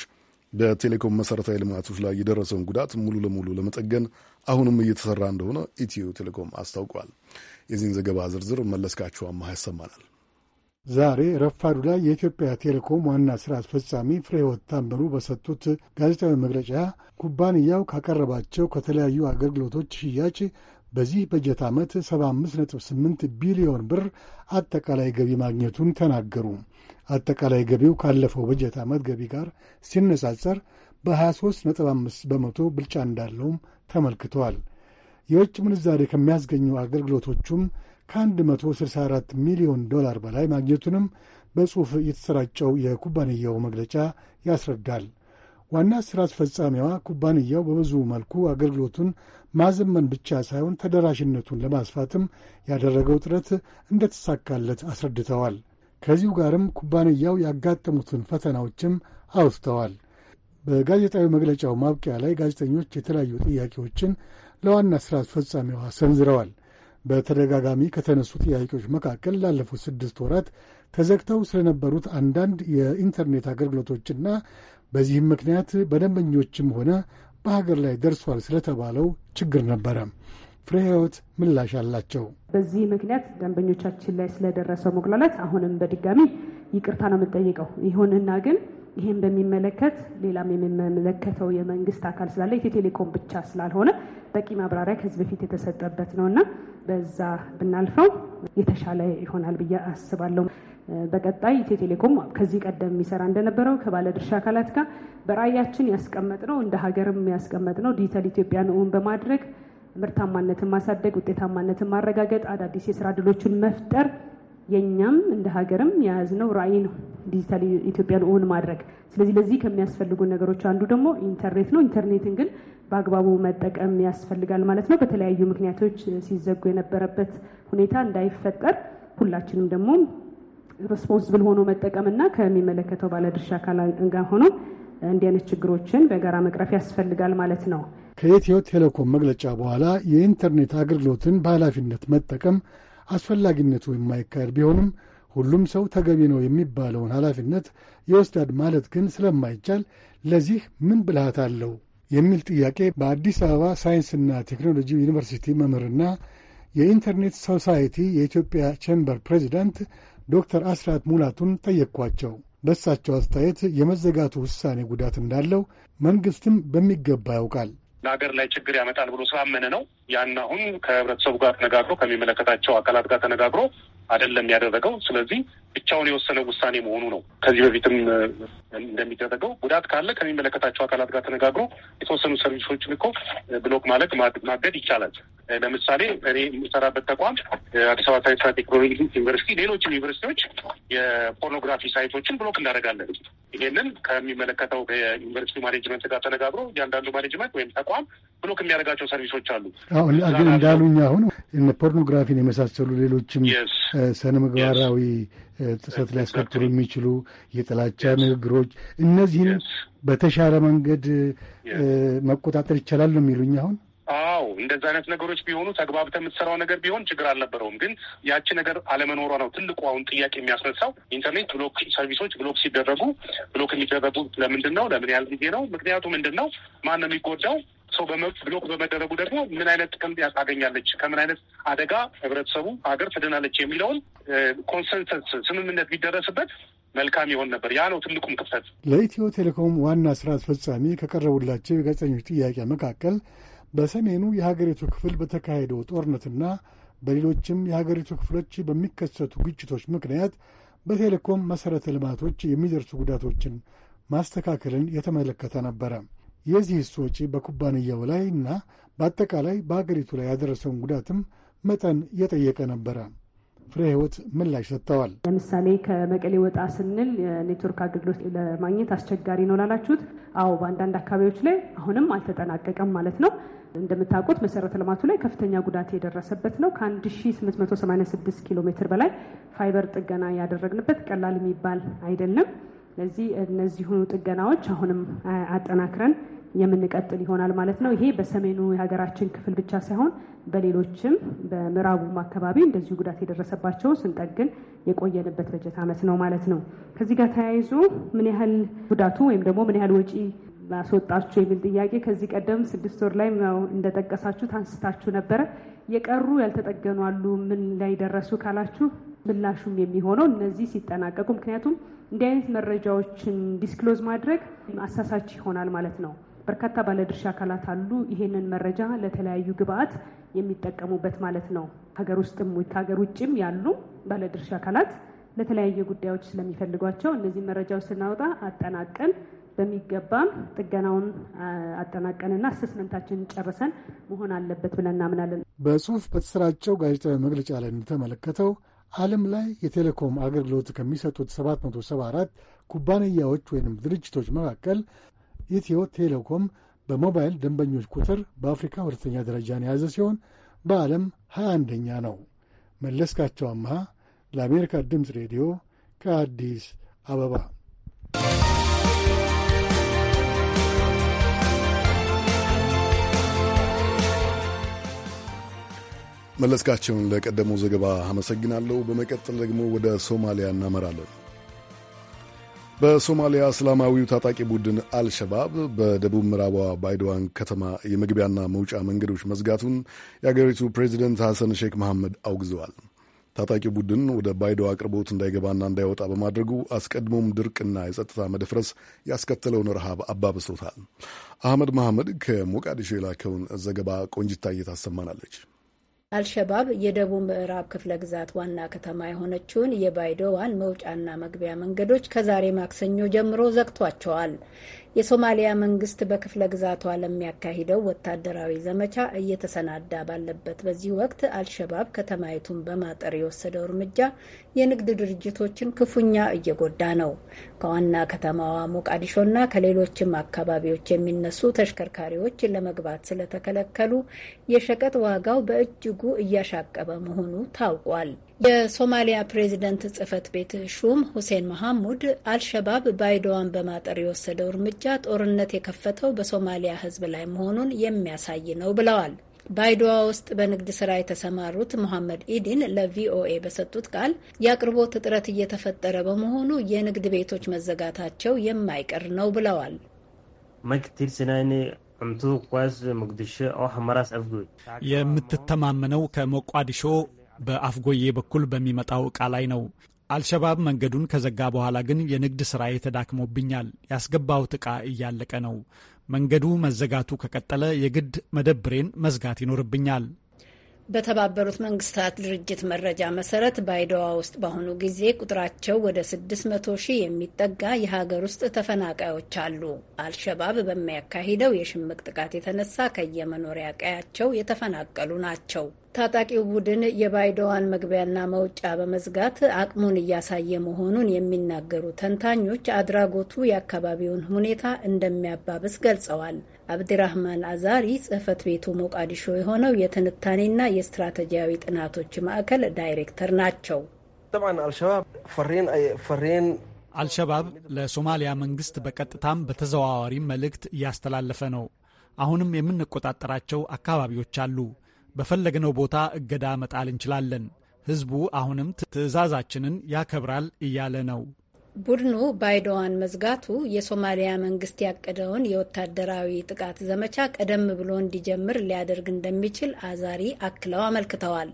S1: በቴሌኮም መሠረታዊ ልማቶች ላይ የደረሰውን ጉዳት ሙሉ ለሙሉ ለመጠገን አሁንም እየተሰራ እንደሆነ ኢትዮ ቴሌኮም አስታውቋል። የዚህን ዘገባ ዝርዝር መለስካቸው አማህ ያሰማናል።
S9: ዛሬ ረፋዱ ላይ የኢትዮጵያ ቴሌኮም ዋና ሥራ አስፈጻሚ ፍሬሕይወት ታምሩ በሰጡት ጋዜጣዊ መግለጫ ኩባንያው ካቀረባቸው ከተለያዩ አገልግሎቶች ሽያጭ በዚህ በጀት ዓመት 758 ቢሊዮን ብር አጠቃላይ ገቢ ማግኘቱን ተናገሩ። አጠቃላይ ገቢው ካለፈው በጀት ዓመት ገቢ ጋር ሲነጻጸር በ23.5 በመቶ ብልጫ እንዳለውም ተመልክተዋል። የውጭ ምንዛሬ ከሚያስገኙ አገልግሎቶቹም ከ164 ሚሊዮን ዶላር በላይ ማግኘቱንም በጽሑፍ የተሰራጨው የኩባንያው መግለጫ ያስረዳል። ዋና ሥራ አስፈጻሚዋ ኩባንያው በብዙ መልኩ አገልግሎቱን ማዘመን ብቻ ሳይሆን ተደራሽነቱን ለማስፋትም ያደረገው ጥረት እንደተሳካለት አስረድተዋል። ከዚሁ ጋርም ኩባንያው ያጋጠሙትን ፈተናዎችም አውስተዋል። በጋዜጣዊ መግለጫው ማብቂያ ላይ ጋዜጠኞች የተለያዩ ጥያቄዎችን ለዋና ሥራ አስፈጻሚዋ ሰንዝረዋል። በተደጋጋሚ ከተነሱ ጥያቄዎች መካከል ላለፉት ስድስት ወራት ተዘግተው ስለነበሩት አንዳንድ የኢንተርኔት አገልግሎቶችና በዚህም ምክንያት በደንበኞችም ሆነ በሀገር ላይ ደርሷል ስለተባለው ችግር ነበረ። ፍሬህይወት ምላሽ አላቸው።
S10: በዚህ ምክንያት ደንበኞቻችን ላይ ስለደረሰው መጉላላት አሁንም በድጋሚ ይቅርታ ነው የምንጠይቀው። ይሁንና ግን ይህም በሚመለከት ሌላም የሚመለከተው የመንግስት አካል ስላለ ኢትዮ ቴሌኮም ብቻ ስላልሆነ በቂ ማብራሪያ ከዚህ በፊት የተሰጠበት ነው እና በዛ ብናልፈው የተሻለ ይሆናል ብዬ አስባለሁ። በቀጣይ ኢትዮ ቴሌኮም ከዚህ ቀደም የሚሰራ እንደነበረው ከባለድርሻ አካላት ጋር ያስቀመጥ ያስቀመጥነው እንደ ሀገርም ያስቀመጥነው ዲጂታል ኢትዮጵያን እውን በማድረግ ምርታማነትን ማሳደግ፣ ውጤታማነትን ማረጋገጥ፣ አዳዲስ የስራ እድሎችን መፍጠር የእኛም እንደ ሀገርም የያዝነው ራዕይ ነው ዲጂታል ኢትዮጵያን እውን ማድረግ። ስለዚህ ለዚህ ከሚያስፈልጉ ነገሮች አንዱ ደግሞ ኢንተርኔት ነው። ኢንተርኔትን ግን በአግባቡ መጠቀም ያስፈልጋል ማለት ነው። በተለያዩ ምክንያቶች ሲዘጉ የነበረበት ሁኔታ እንዳይፈጠር ሁላችንም ደግሞ ሬስፖንስብል ሆኖ መጠቀምና ከሚመለከተው ባለድርሻ አካል ጋር ሆኖ እንዲህ አይነት ችግሮችን በጋራ መቅረፍ ያስፈልጋል ማለት ነው።
S9: ከኢትዮ ቴሌኮም መግለጫ በኋላ የኢንተርኔት አገልግሎትን በኃላፊነት መጠቀም አስፈላጊነቱ የማይካሄድ ቢሆንም ሁሉም ሰው ተገቢ ነው የሚባለውን ኃላፊነት የወስዳድ ማለት ግን ስለማይቻል ለዚህ ምን ብልሃት አለው የሚል ጥያቄ በአዲስ አበባ ሳይንስና ቴክኖሎጂ ዩኒቨርሲቲ መምህርና የኢንተርኔት ሶሳይቲ የኢትዮጵያ ቼምበር ፕሬዚዳንት ዶክተር አስራት ሙላቱን ጠየቅኳቸው። በእሳቸው አስተያየት የመዘጋቱ ውሳኔ ጉዳት እንዳለው መንግሥትም በሚገባ ያውቃል።
S6: ለሀገር ላይ ችግር ያመጣል ብሎ ስላመነ ነው ያን አሁን ከህብረተሰቡ
S9: ጋር ተነጋግሮ ከሚመለከታቸው አካላት ጋር ተነጋግሮ አይደለም ያደረገው። ስለዚህ ብቻውን የወሰነ ውሳኔ መሆኑ ነው። ከዚህ በፊትም እንደሚደረገው ጉዳት ካለ ከሚመለከታቸው አካላት ጋር ተነጋግሮ የተወሰኑ ሰርቪሶችን እኮ ብሎክ ማለት ማገድ ይቻላል። ለምሳሌ እኔ የምሰራበት ተቋም
S11: አዲስ አበባ ሳይንስና ቴክኖሎጂ ዩኒቨርሲቲ፣
S9: ሌሎችም ዩኒቨርሲቲዎች
S11: የፖርኖግራፊ ሳይቶችን ብሎክ እናደርጋለን። ይሄንን ከሚመለከተው ከዩኒቨርሲቲ
S9: ማኔጅመንት ጋር ተነጋግሮ እያንዳንዱ ማኔጅመንት ወይም ተቋም ብሎክ የሚያደርጋቸው ሰርቪሶች አሉ። አሁን እንዳሉኝ አሁን ፖርኖግራፊን የመሳሰሉ ሌሎችም ስነ ምግባራዊ ጥሰት ሊያስከትሉ የሚችሉ የጥላቻ ንግግሮች፣ እነዚህን በተሻለ መንገድ መቆጣጠር ይቻላል ነው የሚሉኝ አሁን
S6: አዎ እንደዚህ አይነት ነገሮች ቢሆኑ ተግባብተ
S9: የምትሰራው ነገር ቢሆን ችግር አልነበረውም። ግን ያቺ ነገር አለመኖሯ ነው ትልቁ አሁን ጥያቄ የሚያስነሳው። ኢንተርኔት ብሎክ ሰርቪሶች ብሎክ ሲደረጉ ብሎክ የሚደረጉ ለምንድን ነው? ለምን ያህል ጊዜ ነው? ምክንያቱ ምንድን ነው? ማን ነው የሚጎዳው? ሰው ብሎክ በመደረጉ ደግሞ ምን አይነት ጥቅም ታገኛለች፣ ከምን አይነት አደጋ ህብረተሰቡ ሀገር ትድናለች የሚለውን ኮንሰንሰስ ስምምነት ቢደረስበት መልካም ይሆን ነበር። ያ ነው ትልቁም ክፍተት። ለኢትዮ ቴሌኮም ዋና ስራ አስፈጻሚ ከቀረቡላቸው የጋዜጠኞች ጥያቄ መካከል በሰሜኑ የሀገሪቱ ክፍል በተካሄደው ጦርነትና በሌሎችም የሀገሪቱ ክፍሎች በሚከሰቱ ግጭቶች ምክንያት በቴሌኮም መሠረተ ልማቶች የሚደርሱ ጉዳቶችን ማስተካከልን የተመለከተ ነበረ። የዚህስ ወጪ በኩባንያው ላይ እና በአጠቃላይ በሀገሪቱ ላይ ያደረሰውን ጉዳትም መጠን የጠየቀ ነበረ። ፍሬ ህይወት ምላሽ ሰጥተዋል።
S10: ለምሳሌ ከመቀሌ ወጣ ስንል የኔትወርክ አገልግሎት ለማግኘት አስቸጋሪ ነው ላላችሁት፣ አዎ በአንዳንድ አካባቢዎች ላይ አሁንም አልተጠናቀቀም ማለት ነው። እንደምታውቁት መሰረተ ልማቱ ላይ ከፍተኛ ጉዳት የደረሰበት ነው። ከ1886 ኪሎ ሜትር በላይ ፋይበር ጥገና ያደረግንበት ቀላል የሚባል አይደለም። ስለዚህ እነዚሁ ጥገናዎች አሁንም አጠናክረን የምንቀጥል ይሆናል ማለት ነው። ይሄ በሰሜኑ የሀገራችን ክፍል ብቻ ሳይሆን በሌሎችም በምዕራቡም አካባቢ እንደዚሁ ጉዳት የደረሰባቸው ስንጠግን የቆየንበት በጀት ዓመት ነው ማለት ነው። ከዚህ ጋር ተያይዞ ምን ያህል ጉዳቱ ወይም ደግሞ ምን ያህል ወጪ ላስወጣችሁ የሚል ጥያቄ ከዚህ ቀደም ስድስት ወር ላይ እንደጠቀሳችሁ ታንስታችሁ ነበረ። የቀሩ ያልተጠገኑ አሉ፣ ምን ላይ ደረሱ ካላችሁ ምላሹም የሚሆነው እነዚህ ሲጠናቀቁ፣ ምክንያቱም እንዲህ አይነት መረጃዎችን ዲስክሎዝ ማድረግ አሳሳች ይሆናል ማለት ነው። በርካታ ባለድርሻ አካላት አሉ። ይሄንን መረጃ ለተለያዩ ግብአት የሚጠቀሙበት ማለት ነው። ሀገር ውስጥም ከሀገር ውጭም ያሉ ባለድርሻ አካላት ለተለያየ ጉዳዮች ስለሚፈልጓቸው እነዚህ መረጃዎች ስናወጣ አጠናቀን በሚገባም ጥገናውን አጠናቀንና አሰስመንታችንን ጨርሰን መሆን አለበት ብለን እናምናለን።
S11: በጽሁፍ
S9: በተሰራጨው ጋዜጣዊ መግለጫ ላይ እንደተመለከተው ዓለም ላይ የቴሌኮም አገልግሎት ከሚሰጡት 774 ኩባንያዎች ወይም ድርጅቶች መካከል ኢትዮ ቴሌኮም በሞባይል ደንበኞች ቁጥር በአፍሪካ ሁለተኛ ደረጃን የያዘ ሲሆን በዓለም 2 ኛ ነው። መለስካቸው አምሃ ለአሜሪካ ድምፅ ሬዲዮ ከአዲስ አበባ።
S1: መለስካቸውን ለቀደመው ዘገባ አመሰግናለሁ። በመቀጠል ደግሞ ወደ ሶማሊያ እናመራለን። በሶማሊያ እስላማዊው ታጣቂ ቡድን አልሸባብ በደቡብ ምዕራቧ ባይዶዋን ከተማ የመግቢያና መውጫ መንገዶች መዝጋቱን የአገሪቱ ፕሬዚደንት ሐሰን ሼክ መሐመድ አውግዘዋል። ታጣቂ ቡድን ወደ ባይዶዋ አቅርቦት እንዳይገባና እንዳይወጣ በማድረጉ አስቀድሞም ድርቅና የጸጥታ መደፍረስ ያስከተለውን ረሃብ አባብሶታል። አህመድ መሐመድ ከሞቃዲሾ የላከውን ዘገባ ቆንጅታ ታሰማናለች።
S12: አልሸባብ የደቡብ ምዕራብ ክፍለ ግዛት ዋና ከተማ የሆነችውን የባይዶዋን መውጫና መግቢያ መንገዶች ከዛሬ ማክሰኞ ጀምሮ ዘግቷቸዋል። የሶማሊያ መንግስት በክፍለ ግዛቷ ለሚያካሂደው ወታደራዊ ዘመቻ እየተሰናዳ ባለበት በዚህ ወቅት አልሸባብ ከተማይቱን በማጠር የወሰደው እርምጃ የንግድ ድርጅቶችን ክፉኛ እየጎዳ ነው። ከዋና ከተማዋ ሞቃዲሾና ከሌሎችም አካባቢዎች የሚነሱ ተሽከርካሪዎች ለመግባት ስለተከለከሉ የሸቀጥ ዋጋው በእጅጉ እያሻቀበ መሆኑ ታውቋል። የሶማሊያ ፕሬዚደንት ጽህፈት ቤት ሹም ሁሴን መሐሙድ አልሸባብ ባይደዋን በማጠር የወሰደው እርምጃ ጦርነት የከፈተው በሶማሊያ ህዝብ ላይ መሆኑን የሚያሳይ ነው ብለዋል። ባይዶዋ ውስጥ በንግድ ስራ የተሰማሩት መሐመድ ኢዲን ለቪኦኤ በሰጡት ቃል የአቅርቦት እጥረት እየተፈጠረ በመሆኑ የንግድ ቤቶች መዘጋታቸው የማይቀር ነው ብለዋል።
S7: የምትተማመነው ከሞቃዲሾ በአፍጎዬ በኩል በሚመጣው ዕቃ ላይ ነው። አልሸባብ መንገዱን ከዘጋ በኋላ ግን የንግድ ሥራዬ ተዳክሞብኛል። ያስገባሁት ዕቃ እያለቀ ነው። መንገዱ መዘጋቱ ከቀጠለ የግድ መደብሬን መዝጋት ይኖርብኛል።
S12: በተባበሩት መንግስታት ድርጅት መረጃ መሰረት ባይደዋ ውስጥ በአሁኑ ጊዜ ቁጥራቸው ወደ 600 ሺህ የሚጠጋ የሀገር ውስጥ ተፈናቃዮች አሉ። አልሸባብ በሚያካሂደው የሽምቅ ጥቃት የተነሳ ከየመኖሪያ ቀያቸው የተፈናቀሉ ናቸው። ታጣቂው ቡድን የባይደዋን መግቢያና መውጫ በመዝጋት አቅሙን እያሳየ መሆኑን የሚናገሩ ተንታኞች አድራጎቱ የአካባቢውን ሁኔታ እንደሚያባብስ ገልጸዋል። አብዲራህማን አዛሪ ጽህፈት ቤቱ ሞቃዲሾ የሆነው የትንታኔና የስትራቴጂያዊ ጥናቶች ማዕከል ዳይሬክተር ናቸው።
S7: አልሸባብ ለሶማሊያ መንግስት በቀጥታም በተዘዋዋሪም መልእክት እያስተላለፈ ነው። አሁንም የምንቆጣጠራቸው አካባቢዎች አሉ። በፈለግነው ቦታ እገዳ መጣል እንችላለን። ህዝቡ አሁንም ትዕዛዛችንን ያከብራል እያለ ነው።
S12: ቡድኑ ባይዶዋን መዝጋቱ የሶማሊያ መንግስት ያቀደውን የወታደራዊ ጥቃት ዘመቻ ቀደም ብሎ እንዲጀምር ሊያደርግ እንደሚችል አዛሪ አክለው አመልክተዋል።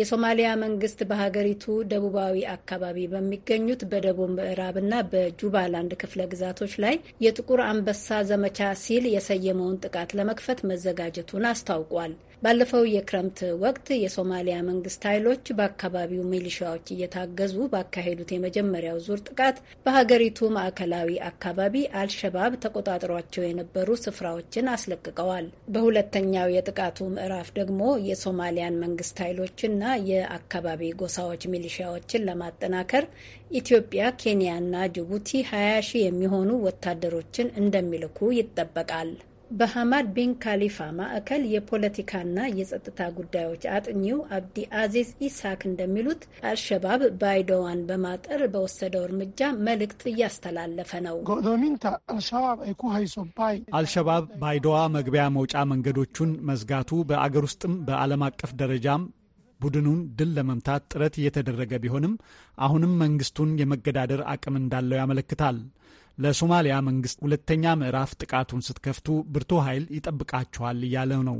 S12: የሶማሊያ መንግስት በሀገሪቱ ደቡባዊ አካባቢ በሚገኙት በደቡብ ምዕራብና በጁባላንድ ክፍለ ግዛቶች ላይ የጥቁር አንበሳ ዘመቻ ሲል የሰየመውን ጥቃት ለመክፈት መዘጋጀቱን አስታውቋል። ባለፈው የክረምት ወቅት የሶማሊያ መንግስት ኃይሎች በአካባቢው ሚሊሻዎች እየታገዙ ባካሄዱት የመጀመሪያው ዙር ጥቃት በሀገሪቱ ማዕከላዊ አካባቢ አልሸባብ ተቆጣጥሯቸው የነበሩ ስፍራዎችን አስለቅቀዋል። በሁለተኛው የጥቃቱ ምዕራፍ ደግሞ የሶማሊያን መንግስት ኃይሎችና የአካባቢ ጎሳዎች ሚሊሻዎችን ለማጠናከር ኢትዮጵያ፣ ኬንያና ጅቡቲ 20 ሺህ የሚሆኑ ወታደሮችን እንደሚልኩ ይጠበቃል። በሐማድ ቢን ካሊፋ ማዕከል የፖለቲካና የጸጥታ ጉዳዮች አጥኚው አብዲ አዚዝ ኢስሐቅ እንደሚሉት አልሸባብ ባይዶዋን በማጠር በወሰደው እርምጃ መልእክት እያስተላለፈ ነው።
S7: አልሸባብ ባይዶዋ መግቢያ መውጫ መንገዶቹን መዝጋቱ በአገር ውስጥም በዓለም አቀፍ ደረጃም ቡድኑን ድል ለመምታት ጥረት እየተደረገ ቢሆንም አሁንም መንግስቱን የመገዳደር አቅም እንዳለው ያመለክታል። ለሶማሊያ መንግስት ሁለተኛ ምዕራፍ ጥቃቱን ስትከፍቱ ብርቱ ኃይል ይጠብቃችኋል እያለ ነው።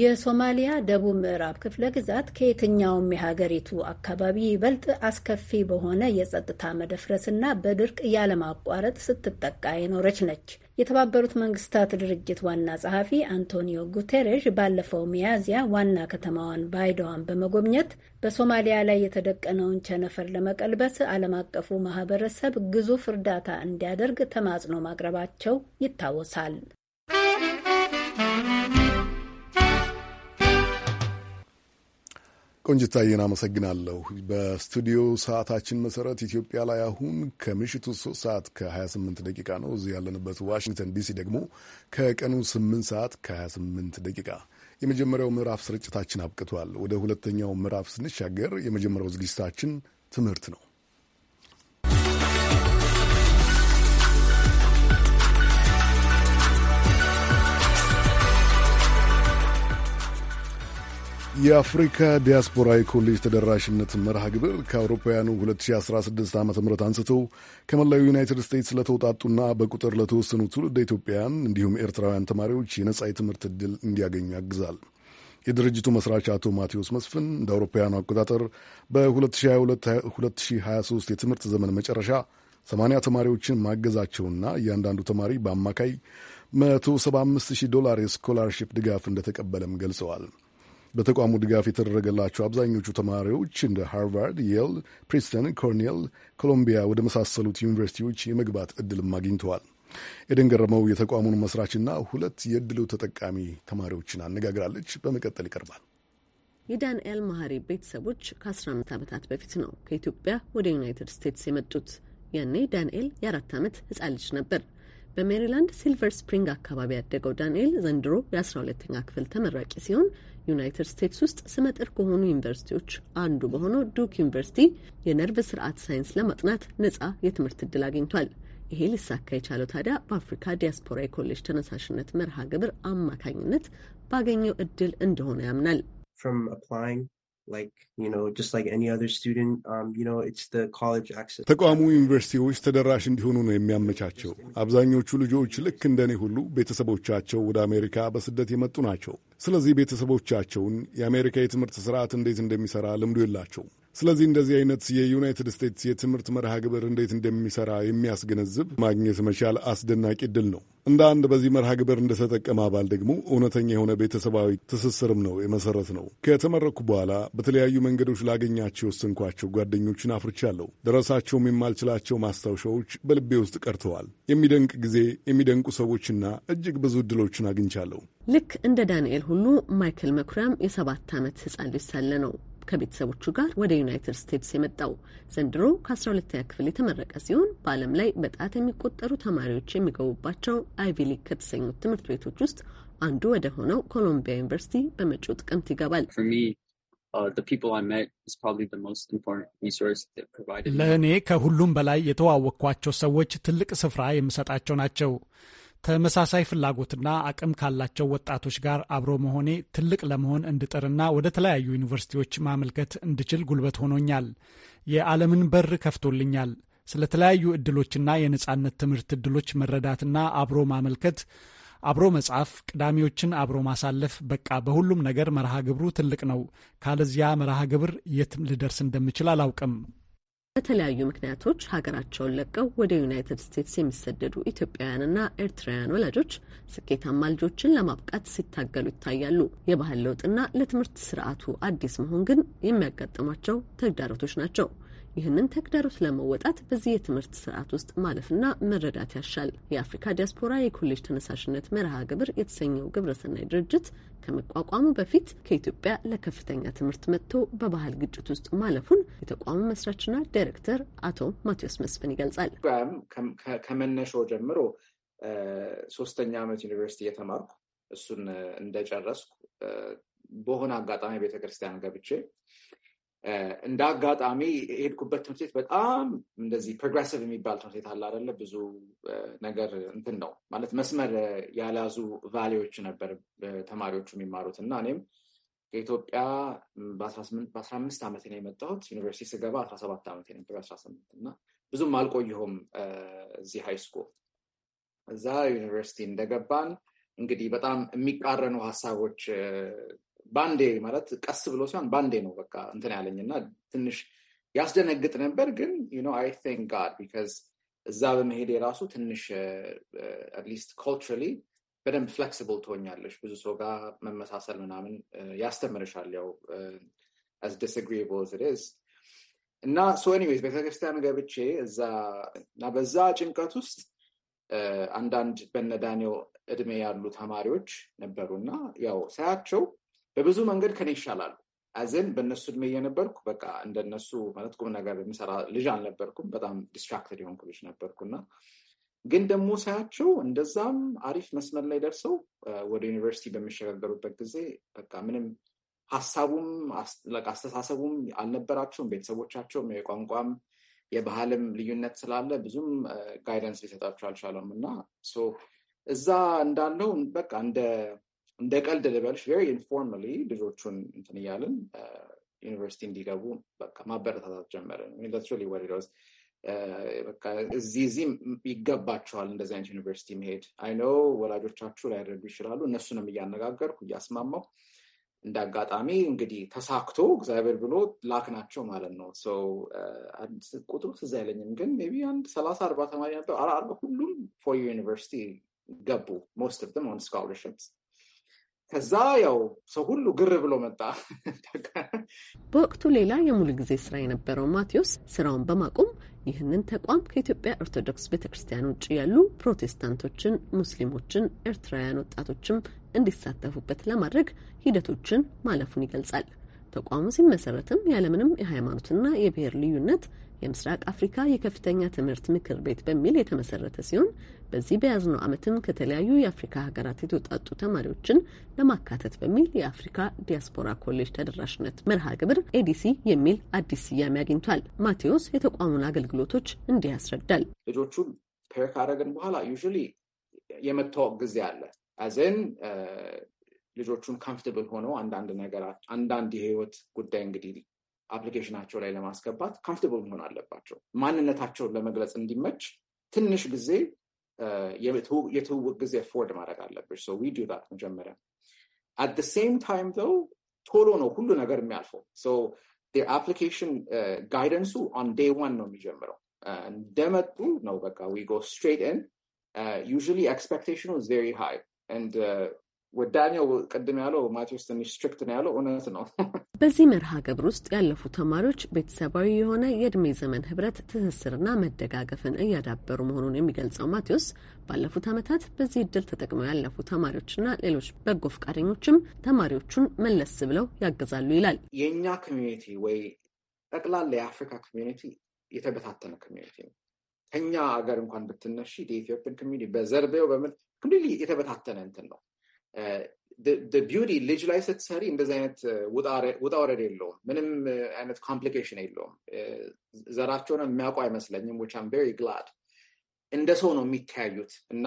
S12: የሶማሊያ ደቡብ ምዕራብ ክፍለ ግዛት ከየትኛውም የሀገሪቱ አካባቢ ይበልጥ አስከፊ በሆነ የጸጥታ መደፍረስና በድርቅ ያለማቋረጥ ስትጠቃ የኖረች ነች። የተባበሩት መንግስታት ድርጅት ዋና ጸሐፊ አንቶኒዮ ጉቴሬሽ ባለፈው ሚያዝያ ዋና ከተማዋን ባይደዋን በመጎብኘት በሶማሊያ ላይ የተደቀነውን ቸነፈር ለመቀልበስ ዓለም አቀፉ ማህበረሰብ ግዙፍ እርዳታ እንዲያደርግ ተማጽኖ ማቅረባቸው ይታወሳል።
S1: ቆንጅታዬን አመሰግናለሁ። በስቱዲዮ ሰዓታችን መሰረት ኢትዮጵያ ላይ አሁን ከምሽቱ 3 ሰዓት ከ28 ደቂቃ ነው። እዚህ ያለንበት ዋሽንግተን ዲሲ ደግሞ ከቀኑ 8 ሰዓት ከ28 ደቂቃ። የመጀመሪያው ምዕራፍ ስርጭታችን አብቅቷል። ወደ ሁለተኛው ምዕራፍ ስንሻገር የመጀመሪያው ዝግጅታችን ትምህርት ነው። የአፍሪካ ዲያስፖራ የኮሌጅ ተደራሽነት መርሃ ግብር ከአውሮፓውያኑ 2016 ዓ ም አንስቶ ከመላው ዩናይትድ ስቴትስ ለተውጣጡና በቁጥር ለተወሰኑ ትውልደ ኢትዮጵያውያን እንዲሁም ኤርትራውያን ተማሪዎች የነጻ የትምህርት ዕድል እንዲያገኙ ያግዛል። የድርጅቱ መስራች አቶ ማቴዎስ መስፍን እንደ አውሮፓውያኑ አቆጣጠር በ2023 የትምህርት ዘመን መጨረሻ 80 ተማሪዎችን ማገዛቸውና እያንዳንዱ ተማሪ በአማካይ 175 ዶላር የስኮላርሺፕ ድጋፍ እንደተቀበለም ገልጸዋል። በተቋሙ ድጋፍ የተደረገላቸው አብዛኞቹ ተማሪዎች እንደ ሃርቫርድ፣ የል፣ ፕሪንስተን፣ ኮርኔል፣ ኮሎምቢያ ወደ መሳሰሉት ዩኒቨርሲቲዎች የመግባት እድልም አግኝተዋል። ኤደን ገረመው የተቋሙን መስራችና ሁለት የእድሉ ተጠቃሚ ተማሪዎችን አነጋግራለች። በመቀጠል ይቀርባል።
S13: የዳንኤል መሀሪ ቤተሰቦች ከ15 ዓመታት በፊት ነው ከኢትዮጵያ ወደ ዩናይትድ ስቴትስ የመጡት። ያኔ ዳንኤል የአራት ዓመት ህጻን ልጅ ነበር። በሜሪላንድ ሲልቨር ስፕሪንግ አካባቢ ያደገው ዳንኤል ዘንድሮ የ12ኛ ክፍል ተመራቂ ሲሆን ዩናይትድ ስቴትስ ውስጥ ስመጥር ከሆኑ ዩኒቨርሲቲዎች አንዱ በሆነው ዱክ ዩኒቨርሲቲ የነርቭ ስርዓት ሳይንስ ለማጥናት ነጻ የትምህርት እድል አግኝቷል። ይሄ ሊሳካ የቻለው ታዲያ በአፍሪካ ዲያስፖራ የኮሌጅ ተነሳሽነት መርሃ ግብር አማካኝነት ባገኘው እድል እንደሆነ ያምናል። From applying
S6: ተቋሙ
S1: ዩኒቨርሲቲዎች ተደራሽ እንዲሆኑ ነው የሚያመቻቸው። አብዛኞቹ ልጆች ልክ እንደኔ ሁሉ ቤተሰቦቻቸው ወደ አሜሪካ በስደት የመጡ ናቸው። ስለዚህ ቤተሰቦቻቸውን የአሜሪካ የትምህርት ስርዓት እንዴት እንደሚሰራ ልምዱ የላቸውም። ስለዚህ እንደዚህ አይነት የዩናይትድ ስቴትስ የትምህርት መርሃ ግብር እንዴት እንደሚሰራ የሚያስገነዝብ ማግኘት መቻል አስደናቂ ድል ነው። እንደ አንድ በዚህ መርሃ ግብር እንደተጠቀመ አባል ደግሞ እውነተኛ የሆነ ቤተሰባዊ ትስስርም ነው የመሰረት ነው። ከተመረኩ በኋላ በተለያዩ መንገዶች ላገኛቸው የወሰንኳቸው ጓደኞችን አፍርቻለሁ። ደረሳቸውም የማልችላቸው ማስታወሻዎች በልቤ ውስጥ ቀርተዋል። የሚደንቅ ጊዜ፣ የሚደንቁ ሰዎችና እጅግ ብዙ እድሎችን አግኝቻለሁ።
S13: ልክ እንደ ዳንኤል ሁሉ ማይክል መኩሪያም የሰባት ዓመት ህጻን ልጅ ሳለ ነው ከቤተሰቦቹ ጋር ወደ ዩናይትድ ስቴትስ የመጣው ዘንድሮ ከ12ኛ ክፍል የተመረቀ ሲሆን በዓለም ላይ በጣት የሚቆጠሩ ተማሪዎች የሚገቡባቸው አይቪ ሊግ ከተሰኙት ትምህርት ቤቶች ውስጥ አንዱ ወደ ሆነው ኮሎምቢያ ዩኒቨርሲቲ በመጪው ጥቅምት ይገባል። uh, ለእኔ ከሁሉም በላይ
S7: የተዋወቅኳቸው ሰዎች ትልቅ ስፍራ የምሰጣቸው ናቸው። ተመሳሳይ ፍላጎትና አቅም ካላቸው ወጣቶች ጋር አብሮ መሆኔ ትልቅ ለመሆን እንድጥርና ወደ ተለያዩ ዩኒቨርሲቲዎች ማመልከት እንድችል ጉልበት ሆኖኛል። የዓለምን በር ከፍቶልኛል። ስለ ተለያዩ እድሎችና የነጻነት ትምህርት እድሎች መረዳትና አብሮ ማመልከት፣ አብሮ መጻፍ፣ ቅዳሜዎችን አብሮ ማሳለፍ፣ በቃ በሁሉም ነገር መርሃ ግብሩ ትልቅ ነው። ካለዚያ መርሃ ግብር የት ልደርስ እንደምችል አላውቅም።
S13: በተለያዩ ምክንያቶች ሀገራቸውን ለቀው ወደ ዩናይትድ ስቴትስ የሚሰደዱ ኢትዮጵያውያንና ኤርትራውያን ወላጆች ስኬታማ ልጆችን ለማብቃት ሲታገሉ ይታያሉ። የባህል ለውጥና ለትምህርት ስርዓቱ አዲስ መሆን ግን የሚያጋጥሟቸው ተግዳሮቶች ናቸው። ይህንን ተግዳሮት ለመወጣት በዚህ የትምህርት ስርዓት ውስጥ ማለፍና መረዳት ያሻል። የአፍሪካ ዲያስፖራ የኮሌጅ ተነሳሽነት መርሃ ግብር የተሰኘው ግብረሰናይ ድርጅት ከመቋቋሙ በፊት ከኢትዮጵያ ለከፍተኛ ትምህርት መጥቶ በባህል ግጭት ውስጥ ማለፉን የተቋሙ መስራችና ዳይሬክተር አቶ ማቴዎስ መስፍን ይገልጻል።
S14: ከመነሻው ጀምሮ ሶስተኛ ዓመት ዩኒቨርሲቲ እየተማርኩ እሱን እንደጨረስኩ በሆነ አጋጣሚ ቤተክርስቲያን ገብቼ እንደ አጋጣሚ የሄድኩበት ትምህርት ቤት በጣም እንደዚህ ፕሮግረሲቭ የሚባል ትምህርት ቤት አለ አይደለ? ብዙ ነገር እንትን ነው ማለት መስመር ያልያዙ ቫሌዎች ነበር ተማሪዎቹ የሚማሩት እና እኔም ከኢትዮጵያ በአስራ አምስት ዓመት ነው የመጣሁት። ዩኒቨርሲቲ ስገባ አስራ ሰባት ዓመት ነበር አስራ ስምንት እና ብዙም አልቆየሁም እዚህ ሃይ ስኩል። እዛ ዩኒቨርሲቲ እንደገባን እንግዲህ በጣም የሚቃረኑ ሀሳቦች ባንዴ ማለት ቀስ ብሎ ሲሆን ባንዴ ነው በቃ እንትን ያለኝ እና ትንሽ ያስደነግጥ ነበር። ግን አይ ቴንክ ጋድ ቢካዝ እዛ በመሄድ የራሱ ትንሽ አትሊስት uh, ኮልቸራሊ uh, በደንብ ፍሌክሲብል ትሆኛለሽ። ብዙ ሰው ጋር መመሳሰል ምናምን uh, ያስተምርሻል ያው አስ ዲስግሪብል as it እና ሶ ኤኒዌይዝ ቤተክርስቲያን ገብቼ እዛ እና በዛ ጭንቀት ውስጥ አንዳንድ በነዳኔው እድሜ ያሉ ተማሪዎች ነበሩ እና ያው ሳያቸው በብዙ መንገድ ከኔ ይሻላሉ። አዘን በእነሱ እድሜ እየነበርኩ በቃ እንደነሱ ማለት ቁም ነገር የሚሰራ ልጅ አልነበርኩም። በጣም ዲስትራክትድ የሆንኩ ልጅ ነበርኩና ግን ደግሞ ሳያቸው እንደዛም አሪፍ መስመር ላይ ደርሰው ወደ ዩኒቨርሲቲ በሚሸጋገሩበት ጊዜ በቃ ምንም ሀሳቡም አስተሳሰቡም አልነበራቸውም። ቤተሰቦቻቸውም የቋንቋም የባህልም ልዩነት ስላለ ብዙም ጋይደንስ ሊሰጣቸው አልቻለም እና እዛ እንዳለው በቃ እንደ እንደ ቀልድ ልበልሽ ቬሪ ኢንፎርማሊ ልጆቹን እንትን እያልን ዩኒቨርሲቲ uh, እንዲገቡ በቃ ማበረታታት ጀመርን። uh, እዚህ እዚህ ይገባችኋል እንደዚህ አይነት ዩኒቨርሲቲ መሄድ። አይ አይኖ ወላጆቻችሁ ላይረዱ ይችላሉ። እነሱንም እያነጋገርኩ እያስማማው እንደ አጋጣሚ እንግዲህ ተሳክቶ እግዚአብሔር ብሎ ላክ ናቸው ማለት ነው። uh, ቁጥሩ ትዝ አይለኝም፣ ግን ቢ አንድ ሰላሳ አርባ ተማሪ ነበር። ሁሉም ፎር ዩኒቨርሲቲ ገቡ ሞስት ኦፍ ዘም ኦን ስኮላርሺፕስ ከዛ ያው ሰው ሁሉ ግር ብሎ መጣ። <laughs>
S13: በወቅቱ ሌላ የሙሉ ጊዜ ስራ የነበረው ማቴዎስ ስራውን በማቆም ይህንን ተቋም ከኢትዮጵያ ኦርቶዶክስ ቤተ ክርስቲያን ውጭ ያሉ ፕሮቴስታንቶችን፣ ሙስሊሞችን፣ ኤርትራውያን ወጣቶችም እንዲሳተፉበት ለማድረግ ሂደቶችን ማለፉን ይገልጻል። ተቋሙ ሲመሰረትም ያለምንም የሃይማኖትና የብሔር ልዩነት የምስራቅ አፍሪካ የከፍተኛ ትምህርት ምክር ቤት በሚል የተመሰረተ ሲሆን በዚህ በያዝነው ዓመትም ከተለያዩ የአፍሪካ ሀገራት የተውጣጡ ተማሪዎችን ለማካተት በሚል የአፍሪካ ዲያስፖራ ኮሌጅ ተደራሽነት መርሃ ግብር ኤዲሲ የሚል አዲስ ስያሜ አግኝቷል። ማቴዎስ የተቋሙን አገልግሎቶች እንዲህ ያስረዳል።
S14: ልጆቹን ፔር ካደረግን በኋላ ዩ የመታወቅ ጊዜ አለ አዘን ልጆቹን ካምፍትብል ሆነው አንዳንድ ነገራት አንዳንድ የህይወት ጉዳይ እንግዲህ አፕሊኬሽናቸው ላይ ለማስገባት ካምፍርታብል መሆን አለባቸው። ማንነታቸውን ለመግለጽ እንዲመች ትንሽ ጊዜ የትውውቅ ጊዜ ፎርድ ማድረግ አለብሽ። ዊ ዱ ዛት መጀመሪያ አት ሴም ታይም ዘው ቶሎ ነው ሁሉ ነገር የሚያልፈው። አፕሊኬሽን ጋይደንሱ ኦን ዴይ ዋን ነው የሚጀምረው። እንደመጡ ነው በቃ ዊ ጎ ስትሬት ን ዩዥዋሊ ኤክስፔክቴሽኑ ኢዝ ቬሪ ሃይ ወዳኛው ቅድም ያለው ማቴዎስ ትንሽ ስትሪክት ነው ያለው እውነት ነው።
S13: <laughs> በዚህ መርሃ ግብር ውስጥ ያለፉ ተማሪዎች ቤተሰባዊ የሆነ የእድሜ ዘመን ህብረት ትስስርና መደጋገፍን እያዳበሩ መሆኑን የሚገልጸው ማቴዎስ ባለፉት ዓመታት በዚህ እድል ተጠቅመው ያለፉ ተማሪዎችና ሌሎች በጎ ፈቃደኞችም ተማሪዎቹን መለስ ብለው ያግዛሉ ይላል። የእኛ
S14: ኮሚኒቲ ወይ ጠቅላላ የአፍሪካ ኮሚኒቲ የተበታተነ ኮሚኒቲ ነው። ከኛ አገር እንኳን ብትነሺ የኢትዮጵያን ኮሚኒቲ በዘርቤው በምን የተበታተነ እንትን ነው ቢዩቲ ልጅ ላይ ስትሰሪ እንደዚህ አይነት uh, ውጣ ወረድ የለውም። ምንም uh, አይነት ኮምፕሊኬሽን የለውም። uh, ዘራቸውን የሚያውቁ አይመስለኝም። ዊች አም ቬሪ ግላድ እንደ ሰው ነው የሚተያዩት እና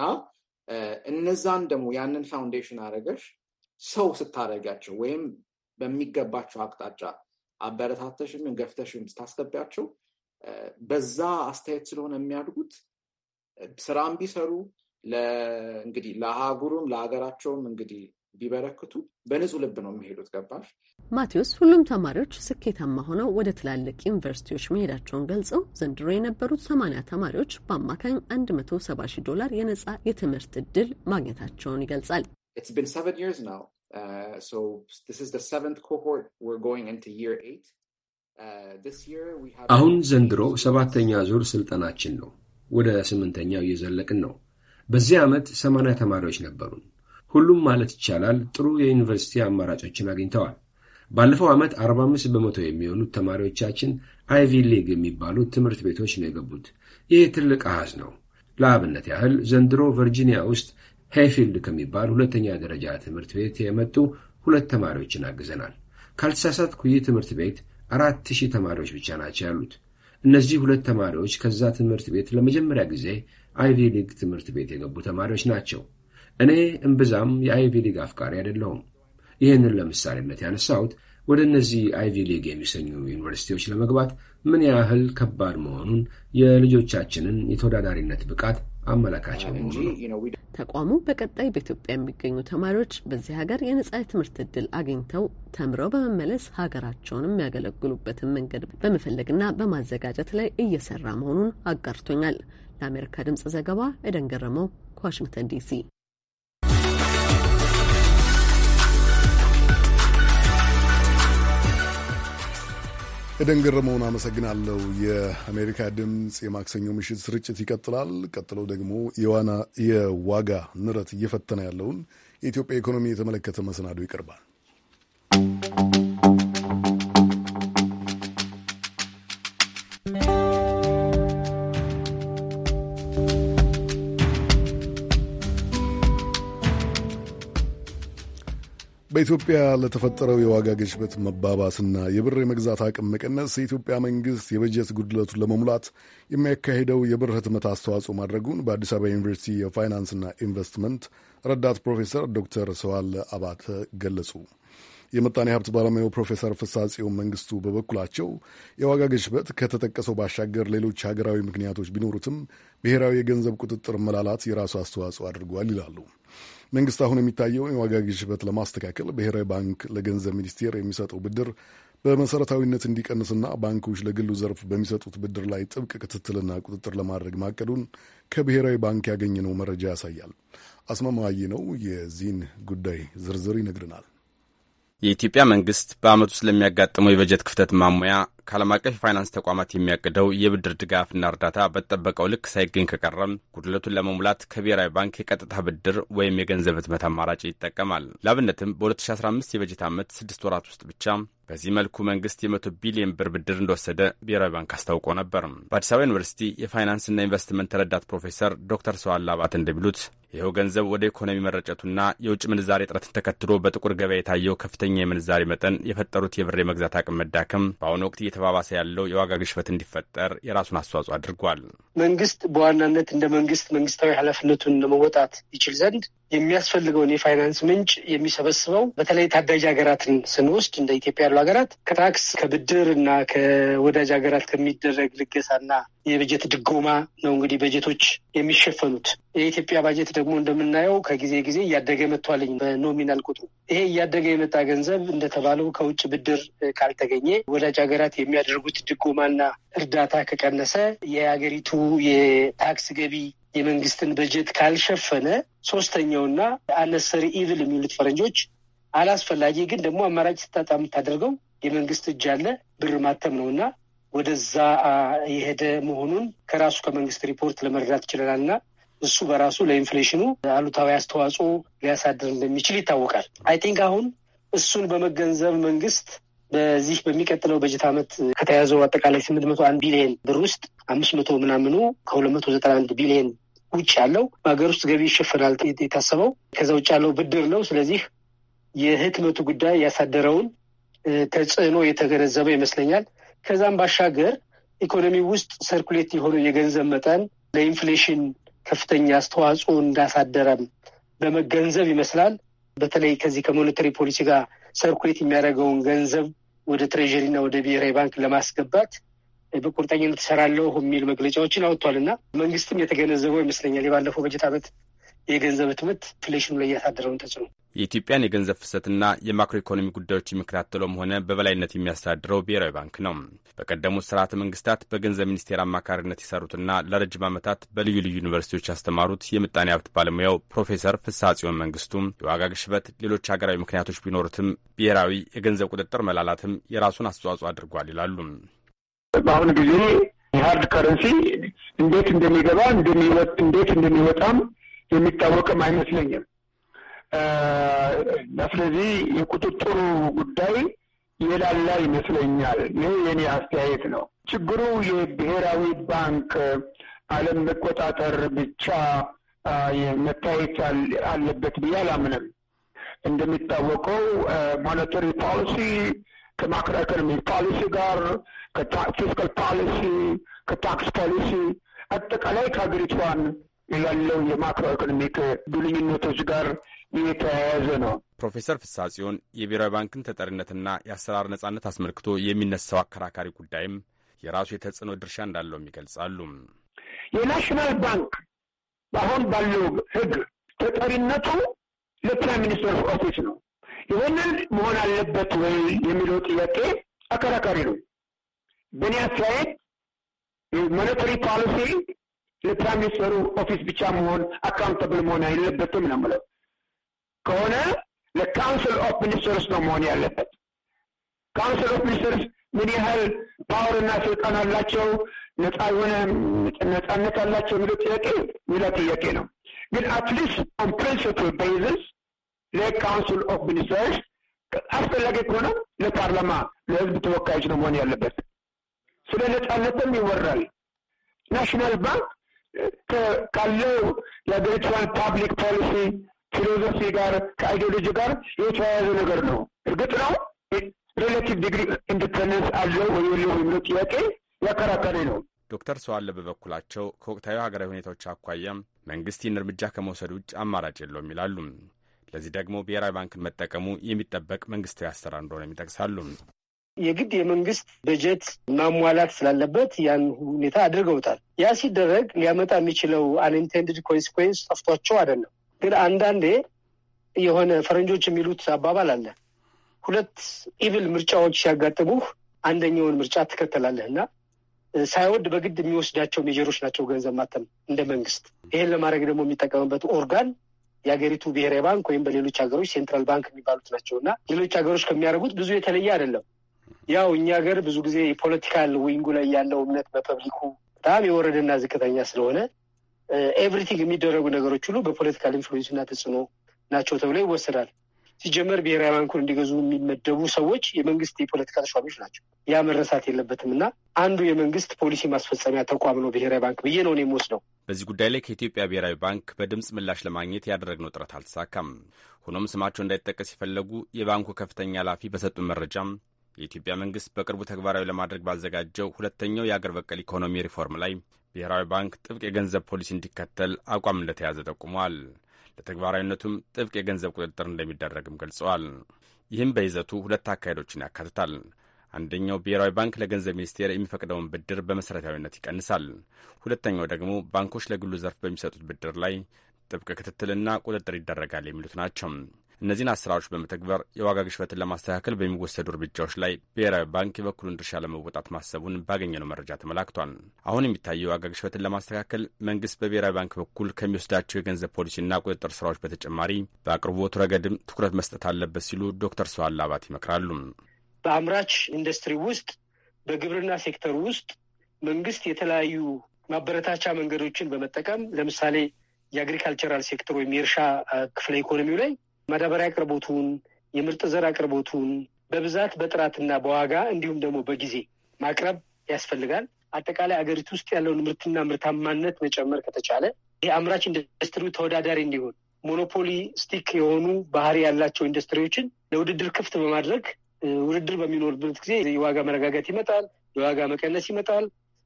S14: እነዛን ደግሞ ያንን ፋውንዴሽን አድርገሽ ሰው ስታደርጋቸው ወይም በሚገባቸው አቅጣጫ አበረታተሽም ገፍተሽም ስታስገቢያቸው በዛ አስተያየት ስለሆነ የሚያድጉት ስራም ቢሰሩ እንግዲህ ለአህጉሩም ለሀገራቸውም እንግዲህ ቢበረክቱ በንጹህ ልብ ነው የሚሄዱት። ገባሽ
S13: ማቴዎስ? ሁሉም ተማሪዎች ስኬታማ ሆነው ወደ ትላልቅ ዩኒቨርሲቲዎች መሄዳቸውን ገልጸው ዘንድሮ የነበሩት ሰማንያ ተማሪዎች በአማካኝ 170 ሺህ ዶላር የነጻ የትምህርት እድል ማግኘታቸውን ይገልጻል።
S14: uh, uh, አሁን
S5: ዘንድሮ ሰባተኛ ዙር ስልጠናችን ነው። ወደ ስምንተኛው እየዘለቅን ነው። በዚህ ዓመት ሰማንያ ተማሪዎች ነበሩን። ሁሉም ማለት ይቻላል ጥሩ የዩኒቨርሲቲ አማራጮችን አግኝተዋል። ባለፈው ዓመት 45 በመቶ የሚሆኑት ተማሪዎቻችን አይቪ ሊግ የሚባሉ ትምህርት ቤቶች ነው የገቡት። ይህ ትልቅ አሃዝ ነው። ለአብነት ያህል ዘንድሮ ቨርጂኒያ ውስጥ ሄይፊልድ ከሚባል ሁለተኛ ደረጃ ትምህርት ቤት የመጡ ሁለት ተማሪዎችን አግዘናል። ካልተሳሳትኩ ይህ ትምህርት ቤት አራት ሺህ ተማሪዎች ብቻ ናቸው ያሉት። እነዚህ ሁለት ተማሪዎች ከዛ ትምህርት ቤት ለመጀመሪያ ጊዜ አይቪ ሊግ ትምህርት ቤት የገቡ ተማሪዎች ናቸው። እኔ እምብዛም የአይቪ ሊግ አፍቃሪ አይደለሁም። ይህንን ለምሳሌነት ያነሳሁት ወደ እነዚህ አይቪ ሊግ የሚሰኙ ዩኒቨርሲቲዎች ለመግባት ምን ያህል ከባድ መሆኑን የልጆቻችንን የተወዳዳሪነት ብቃት አመላካች ነው እንጂ
S13: ተቋሙ በቀጣይ በኢትዮጵያ የሚገኙ ተማሪዎች በዚህ ሀገር የነጻ የትምህርት እድል አግኝተው ተምረው በመመለስ ሀገራቸውን የሚያገለግሉበትን መንገድ በመፈለግና በማዘጋጀት ላይ እየሰራ መሆኑን አጋርቶኛል። ለአሜሪካ ድምጽ ዘገባ ኤደን ገረመው ከዋሽንግተን ዲሲ
S1: ኤደን ገረመውን አመሰግናለሁ። የአሜሪካ ድምፅ የማክሰኞ ምሽት ስርጭት ይቀጥላል። ቀጥሎ ደግሞ የዋና የዋጋ ንረት እየፈተነ ያለውን የኢትዮጵያ ኢኮኖሚ የተመለከተ መሰናዶ ይቀርባል። በኢትዮጵያ ለተፈጠረው የዋጋ ግሽበት መባባስና የብር የመግዛት አቅም መቀነስ የኢትዮጵያ መንግሥት የበጀት ጉድለቱን ለመሙላት የሚያካሄደው የብር ህትመት አስተዋጽኦ ማድረጉን በአዲስ አበባ ዩኒቨርሲቲ የፋይናንስና ኢንቨስትመንት ረዳት ፕሮፌሰር ዶክተር ሰዋለ አባተ ገለጹ። የምጣኔ ሀብት ባለሙያው ፕሮፌሰር ፍሳጽዮን መንግስቱ በበኩላቸው የዋጋ ግሽበት ከተጠቀሰው ባሻገር ሌሎች ሀገራዊ ምክንያቶች ቢኖሩትም ብሔራዊ የገንዘብ ቁጥጥር መላላት የራሱ አስተዋጽኦ አድርጓል ይላሉ። መንግስት አሁን የሚታየውን የዋጋ ግሽበት ለማስተካከል ብሔራዊ ባንክ ለገንዘብ ሚኒስቴር የሚሰጠው ብድር በመሰረታዊነት እንዲቀንስና ባንኮች ለግሉ ዘርፍ በሚሰጡት ብድር ላይ ጥብቅ ክትትልና ቁጥጥር ለማድረግ ማቀዱን ከብሔራዊ ባንክ ያገኘነው መረጃ ያሳያል። አስማማዬ ነው የዚህን ጉዳይ ዝርዝር ይነግርናል።
S15: የኢትዮጵያ መንግስት በዓመቱ ስለሚያጋጥመው የበጀት ክፍተት ማሙያ ከዓለም አቀፍ የፋይናንስ ተቋማት የሚያቅደው የብድር ድጋፍና እርዳታ በተጠበቀው ልክ ሳይገኝ ከቀረም ጉድለቱን ለመሙላት ከብሔራዊ ባንክ የቀጥታ ብድር ወይም የገንዘብ ህትመት አማራጭ ይጠቀማል። ለአብነትም በ2015 የበጀት ዓመት ስድስት ወራት ውስጥ ብቻ በዚህ መልኩ መንግስት የመቶ ቢሊዮን ብር ብድር እንደወሰደ ብሔራዊ ባንክ አስታውቆ ነበር። በአዲስ አበባ ዩኒቨርሲቲ የፋይናንስና ኢንቨስትመንት ረዳት ፕሮፌሰር ዶክተር ሰዋላ አባት እንደሚሉት ይኸው ገንዘብ ወደ ኢኮኖሚ መረጨቱና የውጭ ምንዛሬ እጥረትን ተከትሎ በጥቁር ገበያ የታየው ከፍተኛ የምንዛሬ መጠን የፈጠሩት የብር የመግዛት አቅም መዳከም በአሁኑ ወቅት እየተባባሰ ያለው የዋጋ ግሽበት እንዲፈጠር የራሱን አስተዋጽኦ አድርጓል።
S11: መንግስት በዋናነት እንደ መንግስት መንግስታዊ ኃላፊነቱን ለመወጣት ይችል ዘንድ የሚያስፈልገውን የፋይናንስ ምንጭ የሚሰበስበው በተለይ ታዳጅ ሀገራትን ስንወስድ እንደ ኢትዮጵያ ያሉ ሀገራት ከታክስ ከብድር እና ከወዳጅ ሀገራት ከሚደረግ ልገሳና የበጀት ድጎማ ነው እንግዲህ በጀቶች የሚሸፈኑት። የኢትዮጵያ ባጀት ደግሞ እንደምናየው ከጊዜ ጊዜ እያደገ መጥቷልኝ በኖሚናል ቁጥሩ። ይሄ እያደገ የመጣ ገንዘብ እንደተባለው ከውጭ ብድር ካልተገኘ፣ ወዳጅ ሀገራት የሚያደርጉት ድጎማና እርዳታ ከቀነሰ፣ የሀገሪቱ የታክስ ገቢ የመንግስትን በጀት ካልሸፈነ፣ ሶስተኛውና አነሰሪ ኢቪል የሚሉት ፈረንጆች አላስፈላጊ ግን ደግሞ አማራጭ ስታጣ የምታደርገው የመንግስት እጅ አለ ብር ማተም ነው እና ወደዛ የሄደ መሆኑን ከራሱ ከመንግስት ሪፖርት ለመረዳት ይችለናል እና እሱ በራሱ ለኢንፍሌሽኑ አሉታዊ አስተዋጽኦ ሊያሳድር እንደሚችል ይታወቃል። አይ ቲንክ አሁን እሱን በመገንዘብ መንግስት በዚህ በሚቀጥለው በጀት ዓመት ከተያዘው አጠቃላይ ስምንት መቶ አንድ ቢሊየን ብር ውስጥ አምስት መቶ ምናምኑ ከሁለት መቶ ዘጠና አንድ ቢሊየን ውጭ ያለው በሀገር ውስጥ ገቢ ይሸፈናል የታሰበው፣ ከዛ ውጭ ያለው ብድር ነው። ስለዚህ የህትመቱ ጉዳይ ያሳደረውን ተጽዕኖ የተገነዘበ ይመስለኛል። ከዛም ባሻገር ኢኮኖሚ ውስጥ ሰርኩሌት የሆነው የገንዘብ መጠን ለኢንፍሌሽን ከፍተኛ አስተዋጽኦ እንዳሳደረም በመገንዘብ ይመስላል በተለይ ከዚህ ከሞኔታሪ ፖሊሲ ጋር ሰርኩሌት የሚያደርገውን ገንዘብ ወደ ትሬዥሪ እና ወደ ብሔራዊ ባንክ ለማስገባት በቁርጠኝነት እሰራለሁ የሚል መግለጫዎችን አውጥቷል እና መንግስትም የተገነዘበው ይመስለኛል የባለፈው በጀት ዓመት የገንዘብ ትምህርት ኢንፍሌሽኑ ላይ እያሳደረውን ተጽዕኖ
S15: የኢትዮጵያን የገንዘብ ፍሰትና የማክሮ ኢኮኖሚ ጉዳዮች የሚከታተለውም ሆነ በበላይነት የሚያስተዳድረው ብሔራዊ ባንክ ነው። በቀደሙት ስርዓተ መንግስታት በገንዘብ ሚኒስቴር አማካሪነት የሰሩትና ለረጅም ዓመታት በልዩ ልዩ ዩኒቨርሲቲዎች ያስተማሩት የምጣኔ ሀብት ባለሙያው ፕሮፌሰር ፍስሐ ጽዮን መንግስቱም የዋጋ ግሽበት፣ ሌሎች ሀገራዊ ምክንያቶች ቢኖሩትም ብሔራዊ የገንዘብ ቁጥጥር መላላትም የራሱን አስተዋጽኦ አድርጓል ይላሉ።
S6: በአሁኑ ጊዜ የሀርድ ከረንሲ እንዴት እንደሚገባ እንዴት እንደሚወጣም የሚታወቅም አይመስለኝም። ስለዚህ የቁጥጥሩ ጉዳይ የላላ ይመስለኛል። ይህ የኔ አስተያየት ነው። ችግሩ የብሔራዊ ባንክ ዓለም መቆጣጠር ብቻ መታየት አለበት ብዬ አላምንም። እንደሚታወቀው ሞኔተሪ ፖሊሲ ከማክሮ ኢኮኖሚ ፖሊሲ ጋር ከፊስካል ፖሊሲ ከታክስ ፖሊሲ አጠቃላይ ከሀገሪቷን ያለው የማክሮ ኢኮኖሚክ ግንኙነቶች ጋር
S15: የተያያዘ ነው። ፕሮፌሰር ፍሳ ጽዮን የብሔራዊ ባንክን ተጠሪነትና የአሰራር ነጻነት አስመልክቶ የሚነሳው አከራካሪ ጉዳይም የራሱ የተጽዕኖ ድርሻ እንዳለውም ይገልጻሉ።
S6: የናሽናል ባንክ አሁን ባለው ህግ ተጠሪነቱ ለፕራይም ሚኒስተር ኦፊስ ነው። ይህንን መሆን አለበት ወይ የሚለው ጥያቄ አከራካሪ ነው። በእኔ አስተያየት ሞኔተሪ ፖሊሲ ለፕራይም ሚኒስተሩ ኦፊስ ብቻ መሆን አካውንተብል መሆን አይለበትም ነው የምለው። ከሆነ ለካውንስል ኦፍ ሚኒስተርስ ነው መሆን ያለበት። ካውንስል ኦፍ ሚኒስተርስ ምን ያህል ፓወር እና ስልጣን አላቸው፣ ነፃ የሆነ ነፃነት አላቸው የሚለው ጥያቄ ሌላ ጥያቄ ነው። ግን አትሊስት ኦን ፕሪንስፕል ቤዝስ ለካውንስል ኦፍ ሚኒስተርስ አስፈላጊ ከሆነ ለፓርላማ ለህዝብ ተወካዮች ነው መሆን ያለበት። ስለ ነጻነትም ይወራል። ናሽናል ባንክ ካለው የአገሪቷን ፓብሊክ ፖሊሲ ፊሎዞፊ ጋር ከአይዲዮሎጂ ጋር የተያያዘ ነገር ነው። እርግጥ ነው ሬላቲቭ ዲግሪ ኢንዲፐንደንስ አለው ወይ የለው የሚለው ጥያቄ
S15: ያከራከሪ ነው። ዶክተር ሰዋለ በበኩላቸው ከወቅታዊ ሀገራዊ ሁኔታዎች አኳያም መንግስትን እርምጃ ከመውሰድ ውጭ አማራጭ የለውም ይላሉ። ለዚህ ደግሞ ብሔራዊ ባንክን መጠቀሙ የሚጠበቅ መንግስታዊ አሰራር እንደሆነ ይጠቅሳሉ።
S11: የግድ የመንግስት በጀት ማሟላት ስላለበት ያን ሁኔታ አድርገውታል። ያ ሲደረግ ሊያመጣ የሚችለው አንኢንቴንድድ ኮንስኮንስ ጠፍቷቸው አይደለም። ግን አንዳንዴ የሆነ ፈረንጆች የሚሉት አባባል አለ። ሁለት ኢቪል ምርጫዎች ሲያጋጥሙህ አንደኛውን ምርጫ ትከተላለህ እና ሳይወድ በግድ የሚወስዳቸው ሜጀሮች ናቸው ገንዘብ ማተም እንደ መንግስት። ይህን ለማድረግ ደግሞ የሚጠቀምበት ኦርጋን የሀገሪቱ ብሔራዊ ባንክ ወይም በሌሎች ሀገሮች ሴንትራል ባንክ የሚባሉት ናቸው እና ሌሎች ሀገሮች ከሚያደርጉት ብዙ የተለየ አይደለም። ያው እኛ ሀገር ብዙ ጊዜ የፖለቲካል ዊንጉ ላይ ያለው እምነት በፐብሊኩ በጣም የወረደና ዝቅተኛ ስለሆነ ኤቭሪቲንግ የሚደረጉ ነገሮች ሁሉ በፖለቲካል ኢንፍሉዌንስ እና ተጽዕኖ ናቸው ተብሎ ይወሰዳል። ሲጀመር ብሔራዊ ባንኩን እንዲገዙ የሚመደቡ ሰዎች የመንግስት የፖለቲካ ተሿሚዎች ናቸው። ያ መረሳት የለበትም እና አንዱ የመንግስት ፖሊሲ ማስፈጸሚያ ተቋም ነው ብሔራዊ ባንክ ብዬ ነው
S15: የምወስደው። በዚህ ጉዳይ ላይ ከኢትዮጵያ ብሔራዊ ባንክ በድምፅ ምላሽ ለማግኘት ያደረግነው ጥረት አልተሳካም። ሆኖም ስማቸው እንዳይጠቀስ የፈለጉ የባንኩ ከፍተኛ ኃላፊ በሰጡን መረጃም የኢትዮጵያ መንግስት በቅርቡ ተግባራዊ ለማድረግ ባዘጋጀው ሁለተኛው የአገር በቀል ኢኮኖሚ ሪፎርም ላይ ብሔራዊ ባንክ ጥብቅ የገንዘብ ፖሊሲ እንዲከተል አቋም እንደተያዘ ጠቁሟል። ለተግባራዊነቱም ጥብቅ የገንዘብ ቁጥጥር እንደሚደረግም ገልጸዋል። ይህም በይዘቱ ሁለት አካሄዶችን ያካትታል። አንደኛው ብሔራዊ ባንክ ለገንዘብ ሚኒስቴር የሚፈቅደውን ብድር በመሠረታዊነት ይቀንሳል። ሁለተኛው ደግሞ ባንኮች ለግሉ ዘርፍ በሚሰጡት ብድር ላይ ጥብቅ ክትትልና ቁጥጥር ይደረጋል የሚሉት ናቸው። እነዚህን አሰራሮች በመተግበር የዋጋ ግሽበትን ለማስተካከል በሚወሰዱ እርምጃዎች ላይ ብሔራዊ ባንክ የበኩሉን ድርሻ ለመወጣት ማሰቡን ባገኘነው መረጃ ተመላክቷል። አሁን የሚታየው የዋጋ ግሽበትን ለማስተካከል መንግስት በብሔራዊ ባንክ በኩል ከሚወስዳቸው የገንዘብ ፖሊሲና ቁጥጥር ስራዎች በተጨማሪ በአቅርቦቱ ረገድም ትኩረት መስጠት አለበት ሲሉ ዶክተር ሰዋል አባት ይመክራሉ።
S11: በአምራች ኢንዱስትሪ ውስጥ በግብርና ሴክተር ውስጥ መንግስት የተለያዩ ማበረታቻ መንገዶችን በመጠቀም ለምሳሌ የአግሪካልቸራል ሴክተር ወይም የእርሻ ክፍለ ኢኮኖሚው ላይ ማዳበሪያ አቅርቦቱን፣ የምርጥ ዘር አቅርቦቱን በብዛት በጥራትና በዋጋ እንዲሁም ደግሞ በጊዜ ማቅረብ ያስፈልጋል። አጠቃላይ አገሪቱ ውስጥ ያለውን ምርትና ምርታማነት መጨመር ከተቻለ ይህ አምራች ኢንዱስትሪው ተወዳዳሪ እንዲሆን ስቲክ የሆኑ ባህሪ ያላቸው ኢንዱስትሪዎችን ለውድድር ክፍት በማድረግ ውድድር በሚኖርበት ጊዜ የዋጋ መረጋጋት ይመጣል፣ የዋጋ መቀነስ ይመጣል።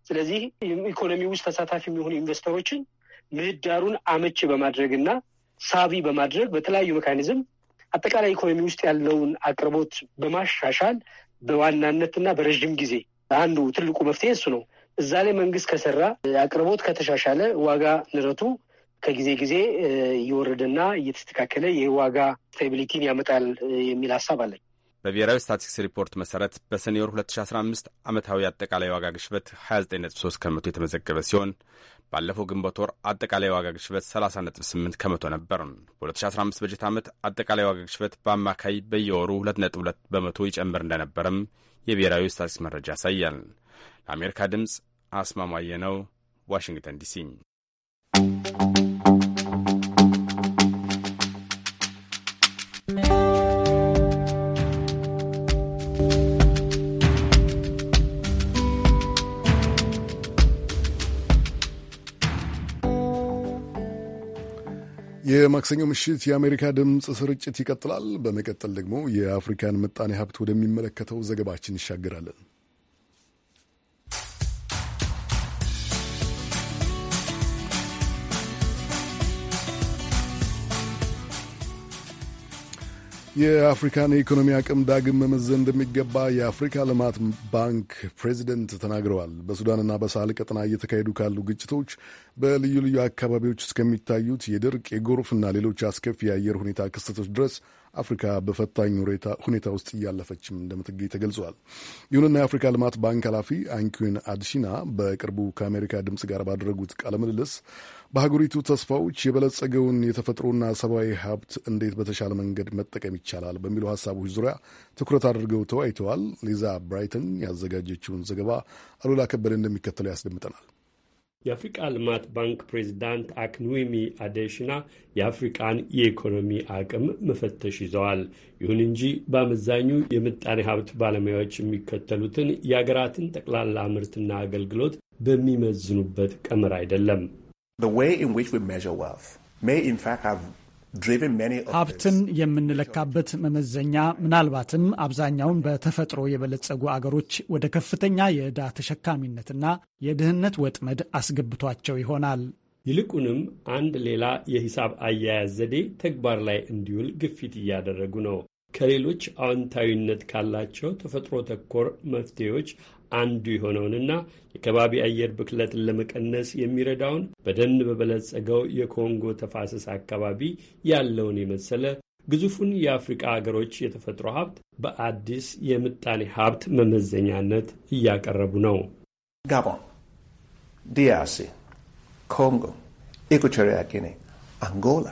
S11: ስለዚህ ኢኮኖሚ ውስጥ ተሳታፊ የሚሆኑ ኢንቨስተሮችን ምህዳሩን አመች በማድረግ እና ሳቢ በማድረግ በተለያዩ መካኒዝም አጠቃላይ ኢኮኖሚ ውስጥ ያለውን አቅርቦት በማሻሻል በዋናነትና በረዥም ጊዜ አንዱ ትልቁ መፍትሄ እሱ ነው። እዛ ላይ መንግስት ከሰራ አቅርቦት ከተሻሻለ ዋጋ ንረቱ ከጊዜ ጊዜ እየወረደና እየተስተካከለ የዋጋ ስታቢሊቲን ያመጣል የሚል ሀሳብ አለን።
S15: በብሔራዊ ስታቲስቲክስ ሪፖርት መሰረት በሰኔ ወር 2015 ዓመታዊ አጠቃላይ ዋጋ ግሽበት 29.3 ከመቶ የተመዘገበ ሲሆን ባለፈው ግንቦት ወር አጠቃላይ ዋጋ ግሽበት 30.8 ከመቶ ነበር። በ2015 በጀት ዓመት አጠቃላይ ዋጋ ግሽበት በአማካይ በየወሩ 2.2 በመቶ ይጨምር እንደነበረም የብሔራዊ ስታቲስቲክስ መረጃ ያሳያል። ለአሜሪካ ድምፅ አስማማየ ነው፣ ዋሽንግተን ዲሲ።
S1: የማክሰኞ ምሽት የአሜሪካ ድምፅ ስርጭት ይቀጥላል። በመቀጠል ደግሞ የአፍሪካን ምጣኔ ሀብት ወደሚመለከተው ዘገባችን ይሻገራለን። የአፍሪካን የኢኮኖሚ አቅም ዳግም መመዘን እንደሚገባ የአፍሪካ ልማት ባንክ ፕሬዚደንት ተናግረዋል። በሱዳንና በሳህል ቀጠና እየተካሄዱ ካሉ ግጭቶች፣ በልዩ ልዩ አካባቢዎች እስከሚታዩት የድርቅ የጎርፍና ሌሎች አስከፊ የአየር ሁኔታ ክስተቶች ድረስ አፍሪካ በፈታኝ ሁኔታ ውስጥ እያለፈችም እንደምትገኝ ተገልጿል። ይሁንና የአፍሪካ ልማት ባንክ ኃላፊ አንኪን አድሺና በቅርቡ ከአሜሪካ ድምፅ ጋር ባደረጉት ቃለምልልስ በሀገሪቱ ተስፋዎች የበለጸገውን የተፈጥሮና ሰብአዊ ሀብት እንዴት በተሻለ መንገድ መጠቀም ይቻላል በሚሉ ሀሳቦች ዙሪያ ትኩረት አድርገው ተወያይተዋል። ሊዛ ብራይተን ያዘጋጀችውን ዘገባ አሉላ ከበደ እንደሚከተለው ያስደምጠናል።
S4: የአፍሪቃ ልማት ባንክ ፕሬዚዳንት አክንዊሚ አዴሽና የአፍሪቃን የኢኮኖሚ አቅም መፈተሽ ይዘዋል። ይሁን እንጂ በአመዛኙ የምጣኔ ሀብት ባለሙያዎች የሚከተሉትን የአገራትን ጠቅላላ ምርትና አገልግሎት በሚመዝኑበት ቀመር አይደለም። ሀብትን
S7: የምንለካበት መመዘኛ ምናልባትም አብዛኛውን በተፈጥሮ የበለጸጉ አገሮች ወደ ከፍተኛ የዕዳ ተሸካሚነትና የድህነት ወጥመድ አስገብቷቸው ይሆናል።
S4: ይልቁንም አንድ ሌላ የሂሳብ አያያዝ ዘዴ ተግባር ላይ እንዲውል ግፊት እያደረጉ ነው። ከሌሎች አዎንታዊነት ካላቸው ተፈጥሮ ተኮር መፍትሄዎች አንዱ የሆነውንና የከባቢ አየር ብክለትን ለመቀነስ የሚረዳውን በደን በበለጸገው የኮንጎ ተፋሰስ አካባቢ ያለውን የመሰለ ግዙፉን የአፍሪቃ አገሮች የተፈጥሮ ሀብት በአዲስ የምጣኔ ሀብት መመዘኛነት እያቀረቡ ነው። ጋቦን፣ ዲያርሲ፣ ኮንጎ፣ ኢኩቸሪያ ጊኔ፣ አንጎላ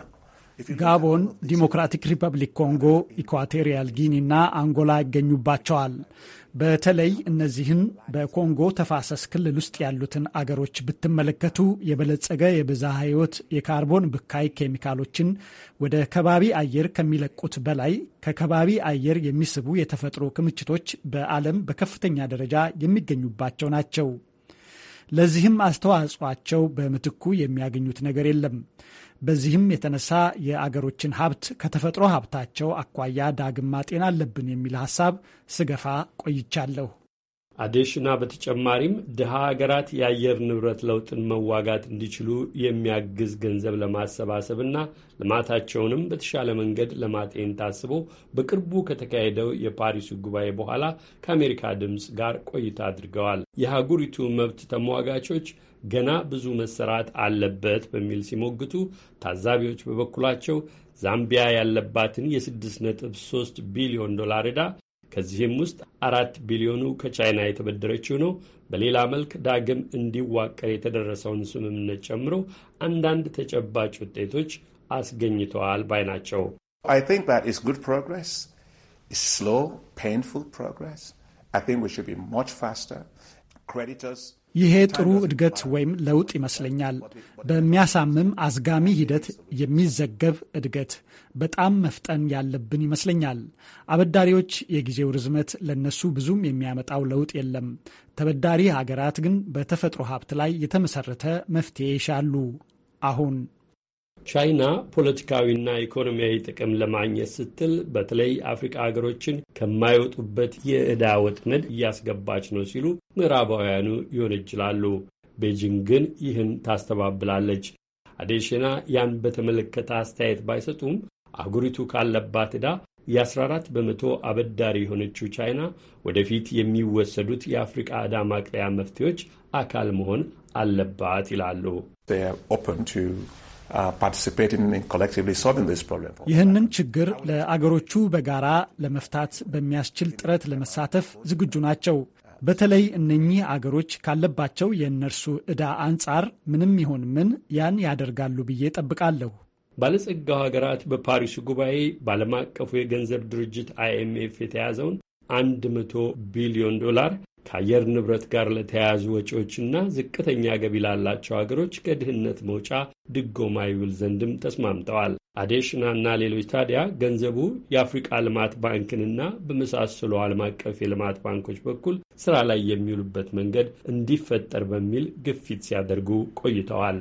S4: ጋቦን፣ ዲሞክራቲክ
S7: ሪፐብሊክ ኮንጎ፣ ኢኳቶሪያል ጊኒ እና አንጎላ ይገኙባቸዋል። በተለይ እነዚህን በኮንጎ ተፋሰስ ክልል ውስጥ ያሉትን አገሮች ብትመለከቱ የበለጸገ የብዝሃ ሕይወት የካርቦን ብካይ ኬሚካሎችን ወደ ከባቢ አየር ከሚለቁት በላይ ከከባቢ አየር የሚስቡ የተፈጥሮ ክምችቶች በዓለም በከፍተኛ ደረጃ የሚገኙባቸው ናቸው። ለዚህም አስተዋጽኦአቸው በምትኩ የሚያገኙት ነገር የለም። በዚህም የተነሳ የአገሮችን ሀብት ከተፈጥሮ ሀብታቸው አኳያ ዳግም ማጤን አለብን የሚል ሀሳብ ስገፋ ቆይቻለሁ።
S4: አዴሽና በተጨማሪም ድሃ ሀገራት የአየር ንብረት ለውጥን መዋጋት እንዲችሉ የሚያግዝ ገንዘብ ለማሰባሰብ እና ልማታቸውንም በተሻለ መንገድ ለማጤን ታስቦ በቅርቡ ከተካሄደው የፓሪሱ ጉባኤ በኋላ ከአሜሪካ ድምፅ ጋር ቆይታ አድርገዋል። የሀገሪቱ መብት ተሟጋቾች ገና ብዙ መሰራት አለበት በሚል ሲሞግቱ፣ ታዛቢዎች በበኩላቸው ዛምቢያ ያለባትን የ6.3 ቢሊዮን ዶላር ዕዳ ከዚህም ውስጥ አራት ቢሊዮኑ ከቻይና የተበደረችው ነው። በሌላ መልክ ዳግም እንዲዋቀር የተደረሰውን ስምምነት ጨምሮ አንዳንድ ተጨባጭ ውጤቶች አስገኝተዋል ባይ ናቸው።
S7: ይሄ ጥሩ እድገት ወይም ለውጥ ይመስለኛል። በሚያሳምም አዝጋሚ ሂደት የሚዘገብ እድገት በጣም መፍጠን ያለብን ይመስለኛል። አበዳሪዎች የጊዜው ርዝመት ለነሱ ብዙም የሚያመጣው ለውጥ የለም። ተበዳሪ ሀገራት ግን በተፈጥሮ ሀብት ላይ የተመሰረተ መፍትሄ ይሻሉ አሁን
S4: ቻይና ፖለቲካዊና ኢኮኖሚያዊ ጥቅም ለማግኘት ስትል በተለይ አፍሪቃ ሀገሮችን ከማይወጡበት የዕዳ ወጥመድ እያስገባች ነው ሲሉ ምዕራባውያኑ ይወነጅላሉ። ቤጂንግ ግን ይህን ታስተባብላለች። አዴሽና ያን በተመለከተ አስተያየት ባይሰጡም አህጉሪቱ ካለባት ዕዳ የ14 በመቶ አበዳሪ የሆነችው ቻይና ወደፊት የሚወሰዱት የአፍሪቃ ዕዳ ማቅለያ መፍትሄዎች አካል መሆን አለባት ይላሉ። Uh,
S7: ይህንን ችግር ለአገሮቹ በጋራ ለመፍታት በሚያስችል ጥረት ለመሳተፍ ዝግጁ ናቸው። በተለይ እነኚህ አገሮች ካለባቸው የእነርሱ ዕዳ አንጻር ምንም ይሆን ምን ያን ያደርጋሉ ብዬ ጠብቃለሁ።
S4: ባለጸጋው ሀገራት በፓሪሱ ጉባኤ በዓለም አቀፉ የገንዘብ ድርጅት አይኤምኤፍ የተያዘውን 100 ቢሊዮን ዶላር ከአየር ንብረት ጋር ለተያያዙ ወጪዎችና ዝቅተኛ ገቢ ላላቸው አገሮች ከድህነት መውጫ ድጎማ ይውል ዘንድም ተስማምተዋል። አዴሽናና ሌሎች ታዲያ ገንዘቡ የአፍሪቃ ልማት ባንክንና በመሳሰሉ ዓለም አቀፍ የልማት ባንኮች በኩል ስራ ላይ የሚውሉበት መንገድ እንዲፈጠር በሚል ግፊት ሲያደርጉ ቆይተዋል።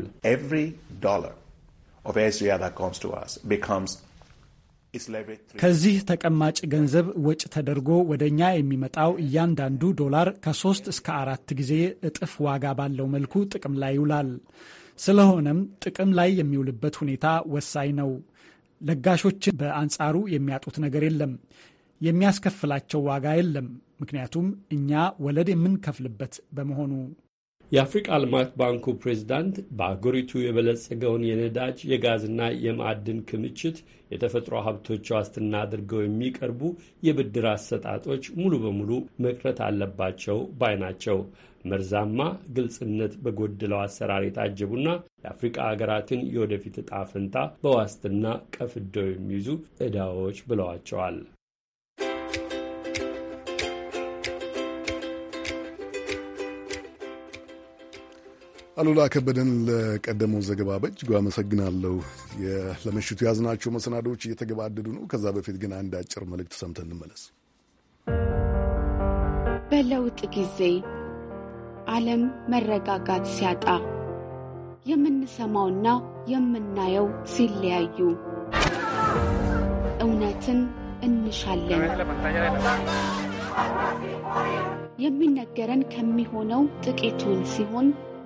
S6: ከዚህ
S7: ተቀማጭ ገንዘብ ወጭ ተደርጎ ወደ እኛ የሚመጣው እያንዳንዱ ዶላር ከሶስት እስከ አራት ጊዜ እጥፍ ዋጋ ባለው መልኩ ጥቅም ላይ ይውላል። ስለሆነም ጥቅም ላይ የሚውልበት ሁኔታ ወሳኝ ነው። ለጋሾችን በአንጻሩ የሚያጡት ነገር የለም፣ የሚያስከፍላቸው ዋጋ የለም። ምክንያቱም እኛ ወለድ የምንከፍልበት በመሆኑ
S4: የአፍሪቃ ልማት ባንኩ ፕሬዚዳንት በአገሪቱ የበለጸገውን የነዳጅ የጋዝና የማዕድን ክምችት የተፈጥሮ ሀብቶች ዋስትና አድርገው የሚቀርቡ የብድር አሰጣጦች ሙሉ በሙሉ መቅረት አለባቸው ባይ ናቸው። መርዛማ ግልጽነት በጎደለው አሰራር የታጀቡና የአፍሪቃ ሀገራትን የወደፊት እጣ ፈንታ በዋስትና ቀፍደው የሚይዙ ዕዳዎች
S1: ብለዋቸዋል። አሉላ ከበደን ለቀደመው ዘገባ በእጅጉ አመሰግናለሁ። ለምሽቱ የያዝናቸው መሰናዶዎች እየተገባደዱ ነው። ከዛ በፊት ግን አንድ አጭር መልእክት ሰምተን እንመለስ።
S16: በለውጥ ጊዜ ዓለም መረጋጋት ሲያጣ የምንሰማውና የምናየው ሲለያዩ እውነትን እንሻለን። የሚነገረን ከሚሆነው ጥቂቱን ሲሆን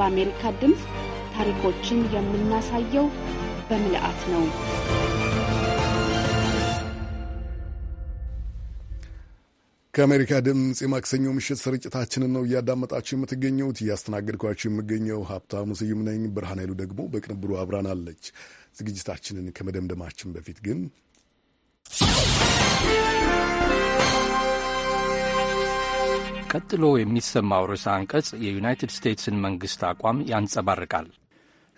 S16: በአሜሪካ ድምፅ ታሪኮችን የምናሳየው በምልአት ነው።
S1: ከአሜሪካ ድምፅ የማክሰኞ ምሽት ስርጭታችንን ነው እያዳመጣችሁ የምትገኘውት። እያስተናገድኳችሁ የምገኘው ሀብታሙ ስዩም ነኝ። ብርሃን ኃይሉ ደግሞ በቅንብሩ አብራናለች። ዝግጅታችንን ከመደምደማችን በፊት ግን ቀጥሎ
S5: የሚሰማው ርዕሰ አንቀጽ የዩናይትድ ስቴትስን መንግሥት አቋም ያንጸባርቃል።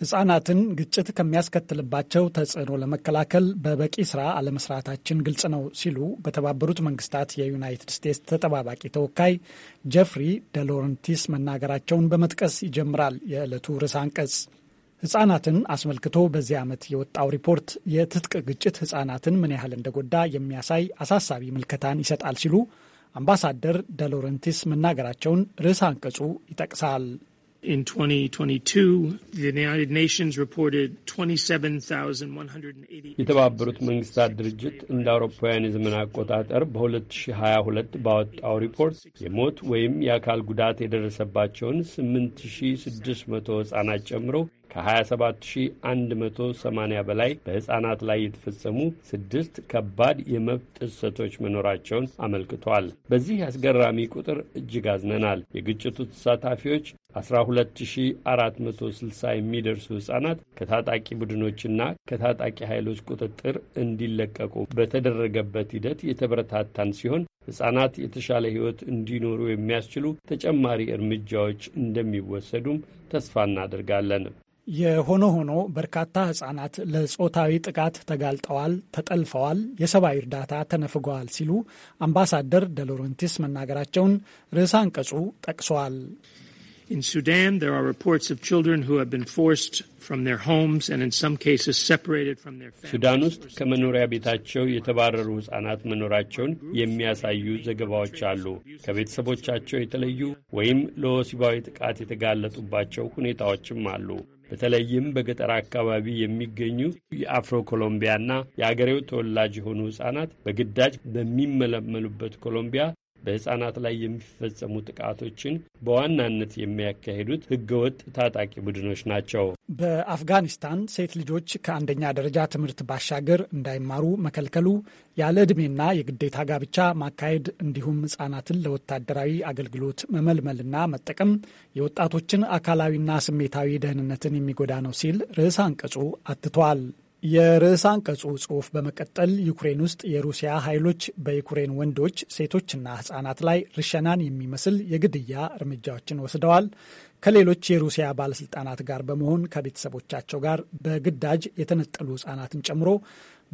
S7: ሕፃናትን ግጭት ከሚያስከትልባቸው ተጽዕኖ ለመከላከል በበቂ ሥራ አለመስራታችን ግልጽ ነው ሲሉ በተባበሩት መንግስታት የዩናይትድ ስቴትስ ተጠባባቂ ተወካይ ጀፍሪ ደሎረንቲስ መናገራቸውን በመጥቀስ ይጀምራል የዕለቱ ርዕሰ አንቀጽ። ሕፃናትን አስመልክቶ በዚህ ዓመት የወጣው ሪፖርት የትጥቅ ግጭት ሕፃናትን ምን ያህል እንደጎዳ የሚያሳይ አሳሳቢ ምልከታን ይሰጣል ሲሉ አምባሳደር ደሎረንቲስ
S11: መናገራቸውን ርዕስ አንቀጹ ይጠቅሳል።
S4: የተባበሩት መንግስታት ድርጅት እንደ አውሮፓውያን የዘመን አቆጣጠር በ2022 ባወጣው ሪፖርት የሞት ወይም የአካል ጉዳት የደረሰባቸውን 8600 ሕፃናት ጨምሮ ከ27180 በላይ በሕፃናት ላይ የተፈጸሙ ስድስት ከባድ የመብት ጥሰቶች መኖራቸውን አመልክቷል። በዚህ አስገራሚ ቁጥር እጅግ አዝነናል። የግጭቱ ተሳታፊዎች 12460 የሚደርሱ ሕፃናት ከታጣቂ ቡድኖችና ከታጣቂ ኃይሎች ቁጥጥር እንዲለቀቁ በተደረገበት ሂደት የተበረታታን ሲሆን ሕፃናት የተሻለ ሕይወት እንዲኖሩ የሚያስችሉ ተጨማሪ እርምጃዎች እንደሚወሰዱም ተስፋ እናደርጋለን።
S7: የሆነ ሆኖ በርካታ ሕፃናት ለጾታዊ ጥቃት ተጋልጠዋል፣ ተጠልፈዋል፣ የሰብአዊ እርዳታ ተነፍገዋል ሲሉ አምባሳደር ደሎረንቲስ መናገራቸውን ርዕሰ አንቀጹ
S4: ጠቅሰዋል። In Sudan, there are reports of children who have been forced from their homes and in some cases separated from their families. ሱዳን ውስጥ ከመኖሪያ ቤታቸው የተባረሩ ሕጻናት መኖራቸውን የሚያሳዩ ዘገባዎች አሉ። ከቤተሰቦቻቸው የተለዩ ወይም ለወሲባዊ ጥቃት የተጋለጡባቸው ሁኔታዎችም አሉ። በተለይም በገጠር አካባቢ የሚገኙ የአፍሮ ኮሎምቢያና የአገሬው ተወላጅ የሆኑ ሕጻናት በግዳጅ በሚመለመሉበት ኮሎምቢያ በሕፃናት ላይ የሚፈጸሙ ጥቃቶችን በዋናነት የሚያካሂዱት ህገወጥ ታጣቂ ቡድኖች ናቸው።
S7: በአፍጋኒስታን ሴት ልጆች ከአንደኛ ደረጃ ትምህርት ባሻገር እንዳይማሩ መከልከሉ፣ ያለ ዕድሜና የግዴታ ጋብቻ ማካሄድ እንዲሁም ሕፃናትን ለወታደራዊ አገልግሎት መመልመልና መጠቀም የወጣቶችን አካላዊና ስሜታዊ ደህንነትን የሚጎዳ ነው ሲል ርዕስ አንቀጹ አትቷል። የርዕስ አንቀጹ ጽሑፍ በመቀጠል ዩክሬን ውስጥ የሩሲያ ኃይሎች በዩክሬን ወንዶች፣ ሴቶችና ህጻናት ላይ ርሸናን የሚመስል የግድያ እርምጃዎችን ወስደዋል፣ ከሌሎች የሩሲያ ባለስልጣናት ጋር በመሆን ከቤተሰቦቻቸው ጋር በግዳጅ የተነጠሉ ህጻናትን ጨምሮ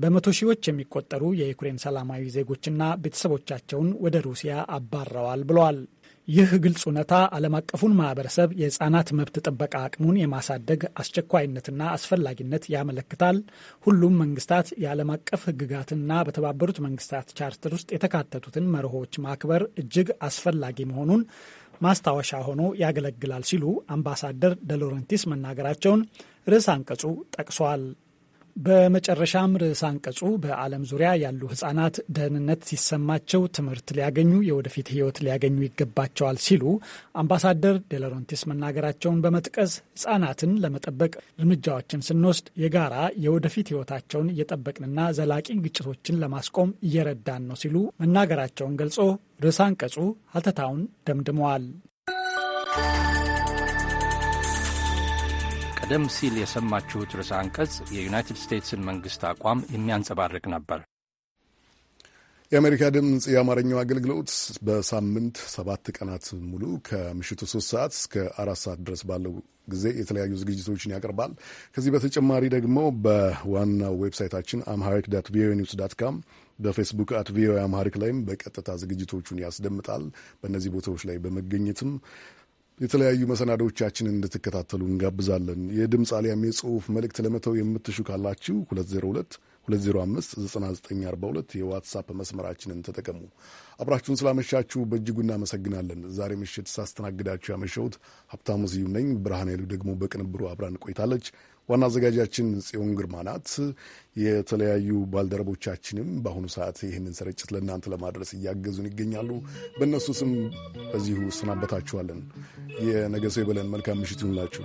S7: በመቶ ሺዎች የሚቆጠሩ የዩክሬን ሰላማዊ ዜጎችና ቤተሰቦቻቸውን ወደ ሩሲያ አባረዋል ብለዋል። ይህ ግልጽ እውነታ ዓለም አቀፉን ማህበረሰብ የሕፃናት መብት ጥበቃ አቅሙን የማሳደግ አስቸኳይነትና አስፈላጊነት ያመለክታል። ሁሉም መንግስታት የዓለም አቀፍ ህግጋትና በተባበሩት መንግስታት ቻርተር ውስጥ የተካተቱትን መርሆች ማክበር እጅግ አስፈላጊ መሆኑን ማስታወሻ ሆኖ ያገለግላል ሲሉ አምባሳደር ደሎረንቲስ መናገራቸውን ርዕስ አንቀጹ ጠቅሷል። በመጨረሻም ርዕስ አንቀጹ በዓለም ዙሪያ ያሉ ህጻናት ደህንነት ሲሰማቸው ትምህርት ሊያገኙ የወደፊት ህይወት ሊያገኙ ይገባቸዋል ሲሉ አምባሳደር ዴላሮንቲስ መናገራቸውን በመጥቀስ ህጻናትን ለመጠበቅ እርምጃዎችን ስንወስድ የጋራ የወደፊት ህይወታቸውን እየጠበቅንና ዘላቂ ግጭቶችን ለማስቆም እየረዳን ነው ሲሉ መናገራቸውን ገልጾ ርዕሳንቀጹ አንቀጹ ሀተታውን ደምድመዋል።
S5: ቀደም ሲል የሰማችሁት ርዕሰ አንቀጽ የዩናይትድ ስቴትስን መንግሥት አቋም የሚያንጸባርቅ ነበር።
S1: የአሜሪካ ድምፅ የአማርኛው አገልግሎት በሳምንት ሰባት ቀናት ሙሉ ከምሽቱ ሶስት ሰዓት እስከ አራት ሰዓት ድረስ ባለው ጊዜ የተለያዩ ዝግጅቶችን ያቀርባል። ከዚህ በተጨማሪ ደግሞ በዋናው ዌብሳይታችን አምሃሪክ ዳት ቪኦኤ ኒውስ ዳት ካም በፌስቡክ አት ቪኦኤ አምሃሪክ ላይም በቀጥታ ዝግጅቶቹን ያስደምጣል። በእነዚህ ቦታዎች ላይ በመገኘትም የተለያዩ መሰናዶዎቻችንን እንድትከታተሉ እንጋብዛለን። የድምፅ አሊያም የጽሁፍ መልእክት ለመተው የምትሹ ካላችሁ 202 205 የዋትሳፕ መስመራችንን ተጠቀሙ። አብራችሁን ስላመሻችሁ በእጅጉ እናመሰግናለን። ዛሬ ምሽት ሳስተናግዳችሁ ያመሸሁት ሀብታሙ ስዩም ነኝ። ብርሃን ያሉ ደግሞ በቅንብሩ አብራን ቆይታለች። ዋና አዘጋጃችን ጽዮን ግርማ ናት። የተለያዩ ባልደረቦቻችንም በአሁኑ ሰዓት ይህንን ስርጭት ለእናንተ ለማድረስ እያገዙን ይገኛሉ። በእነሱ ስም በዚሁ እሰናበታችኋለን። የነገ ሰው ይበለን። መልካም ምሽት ይሁንላችሁ።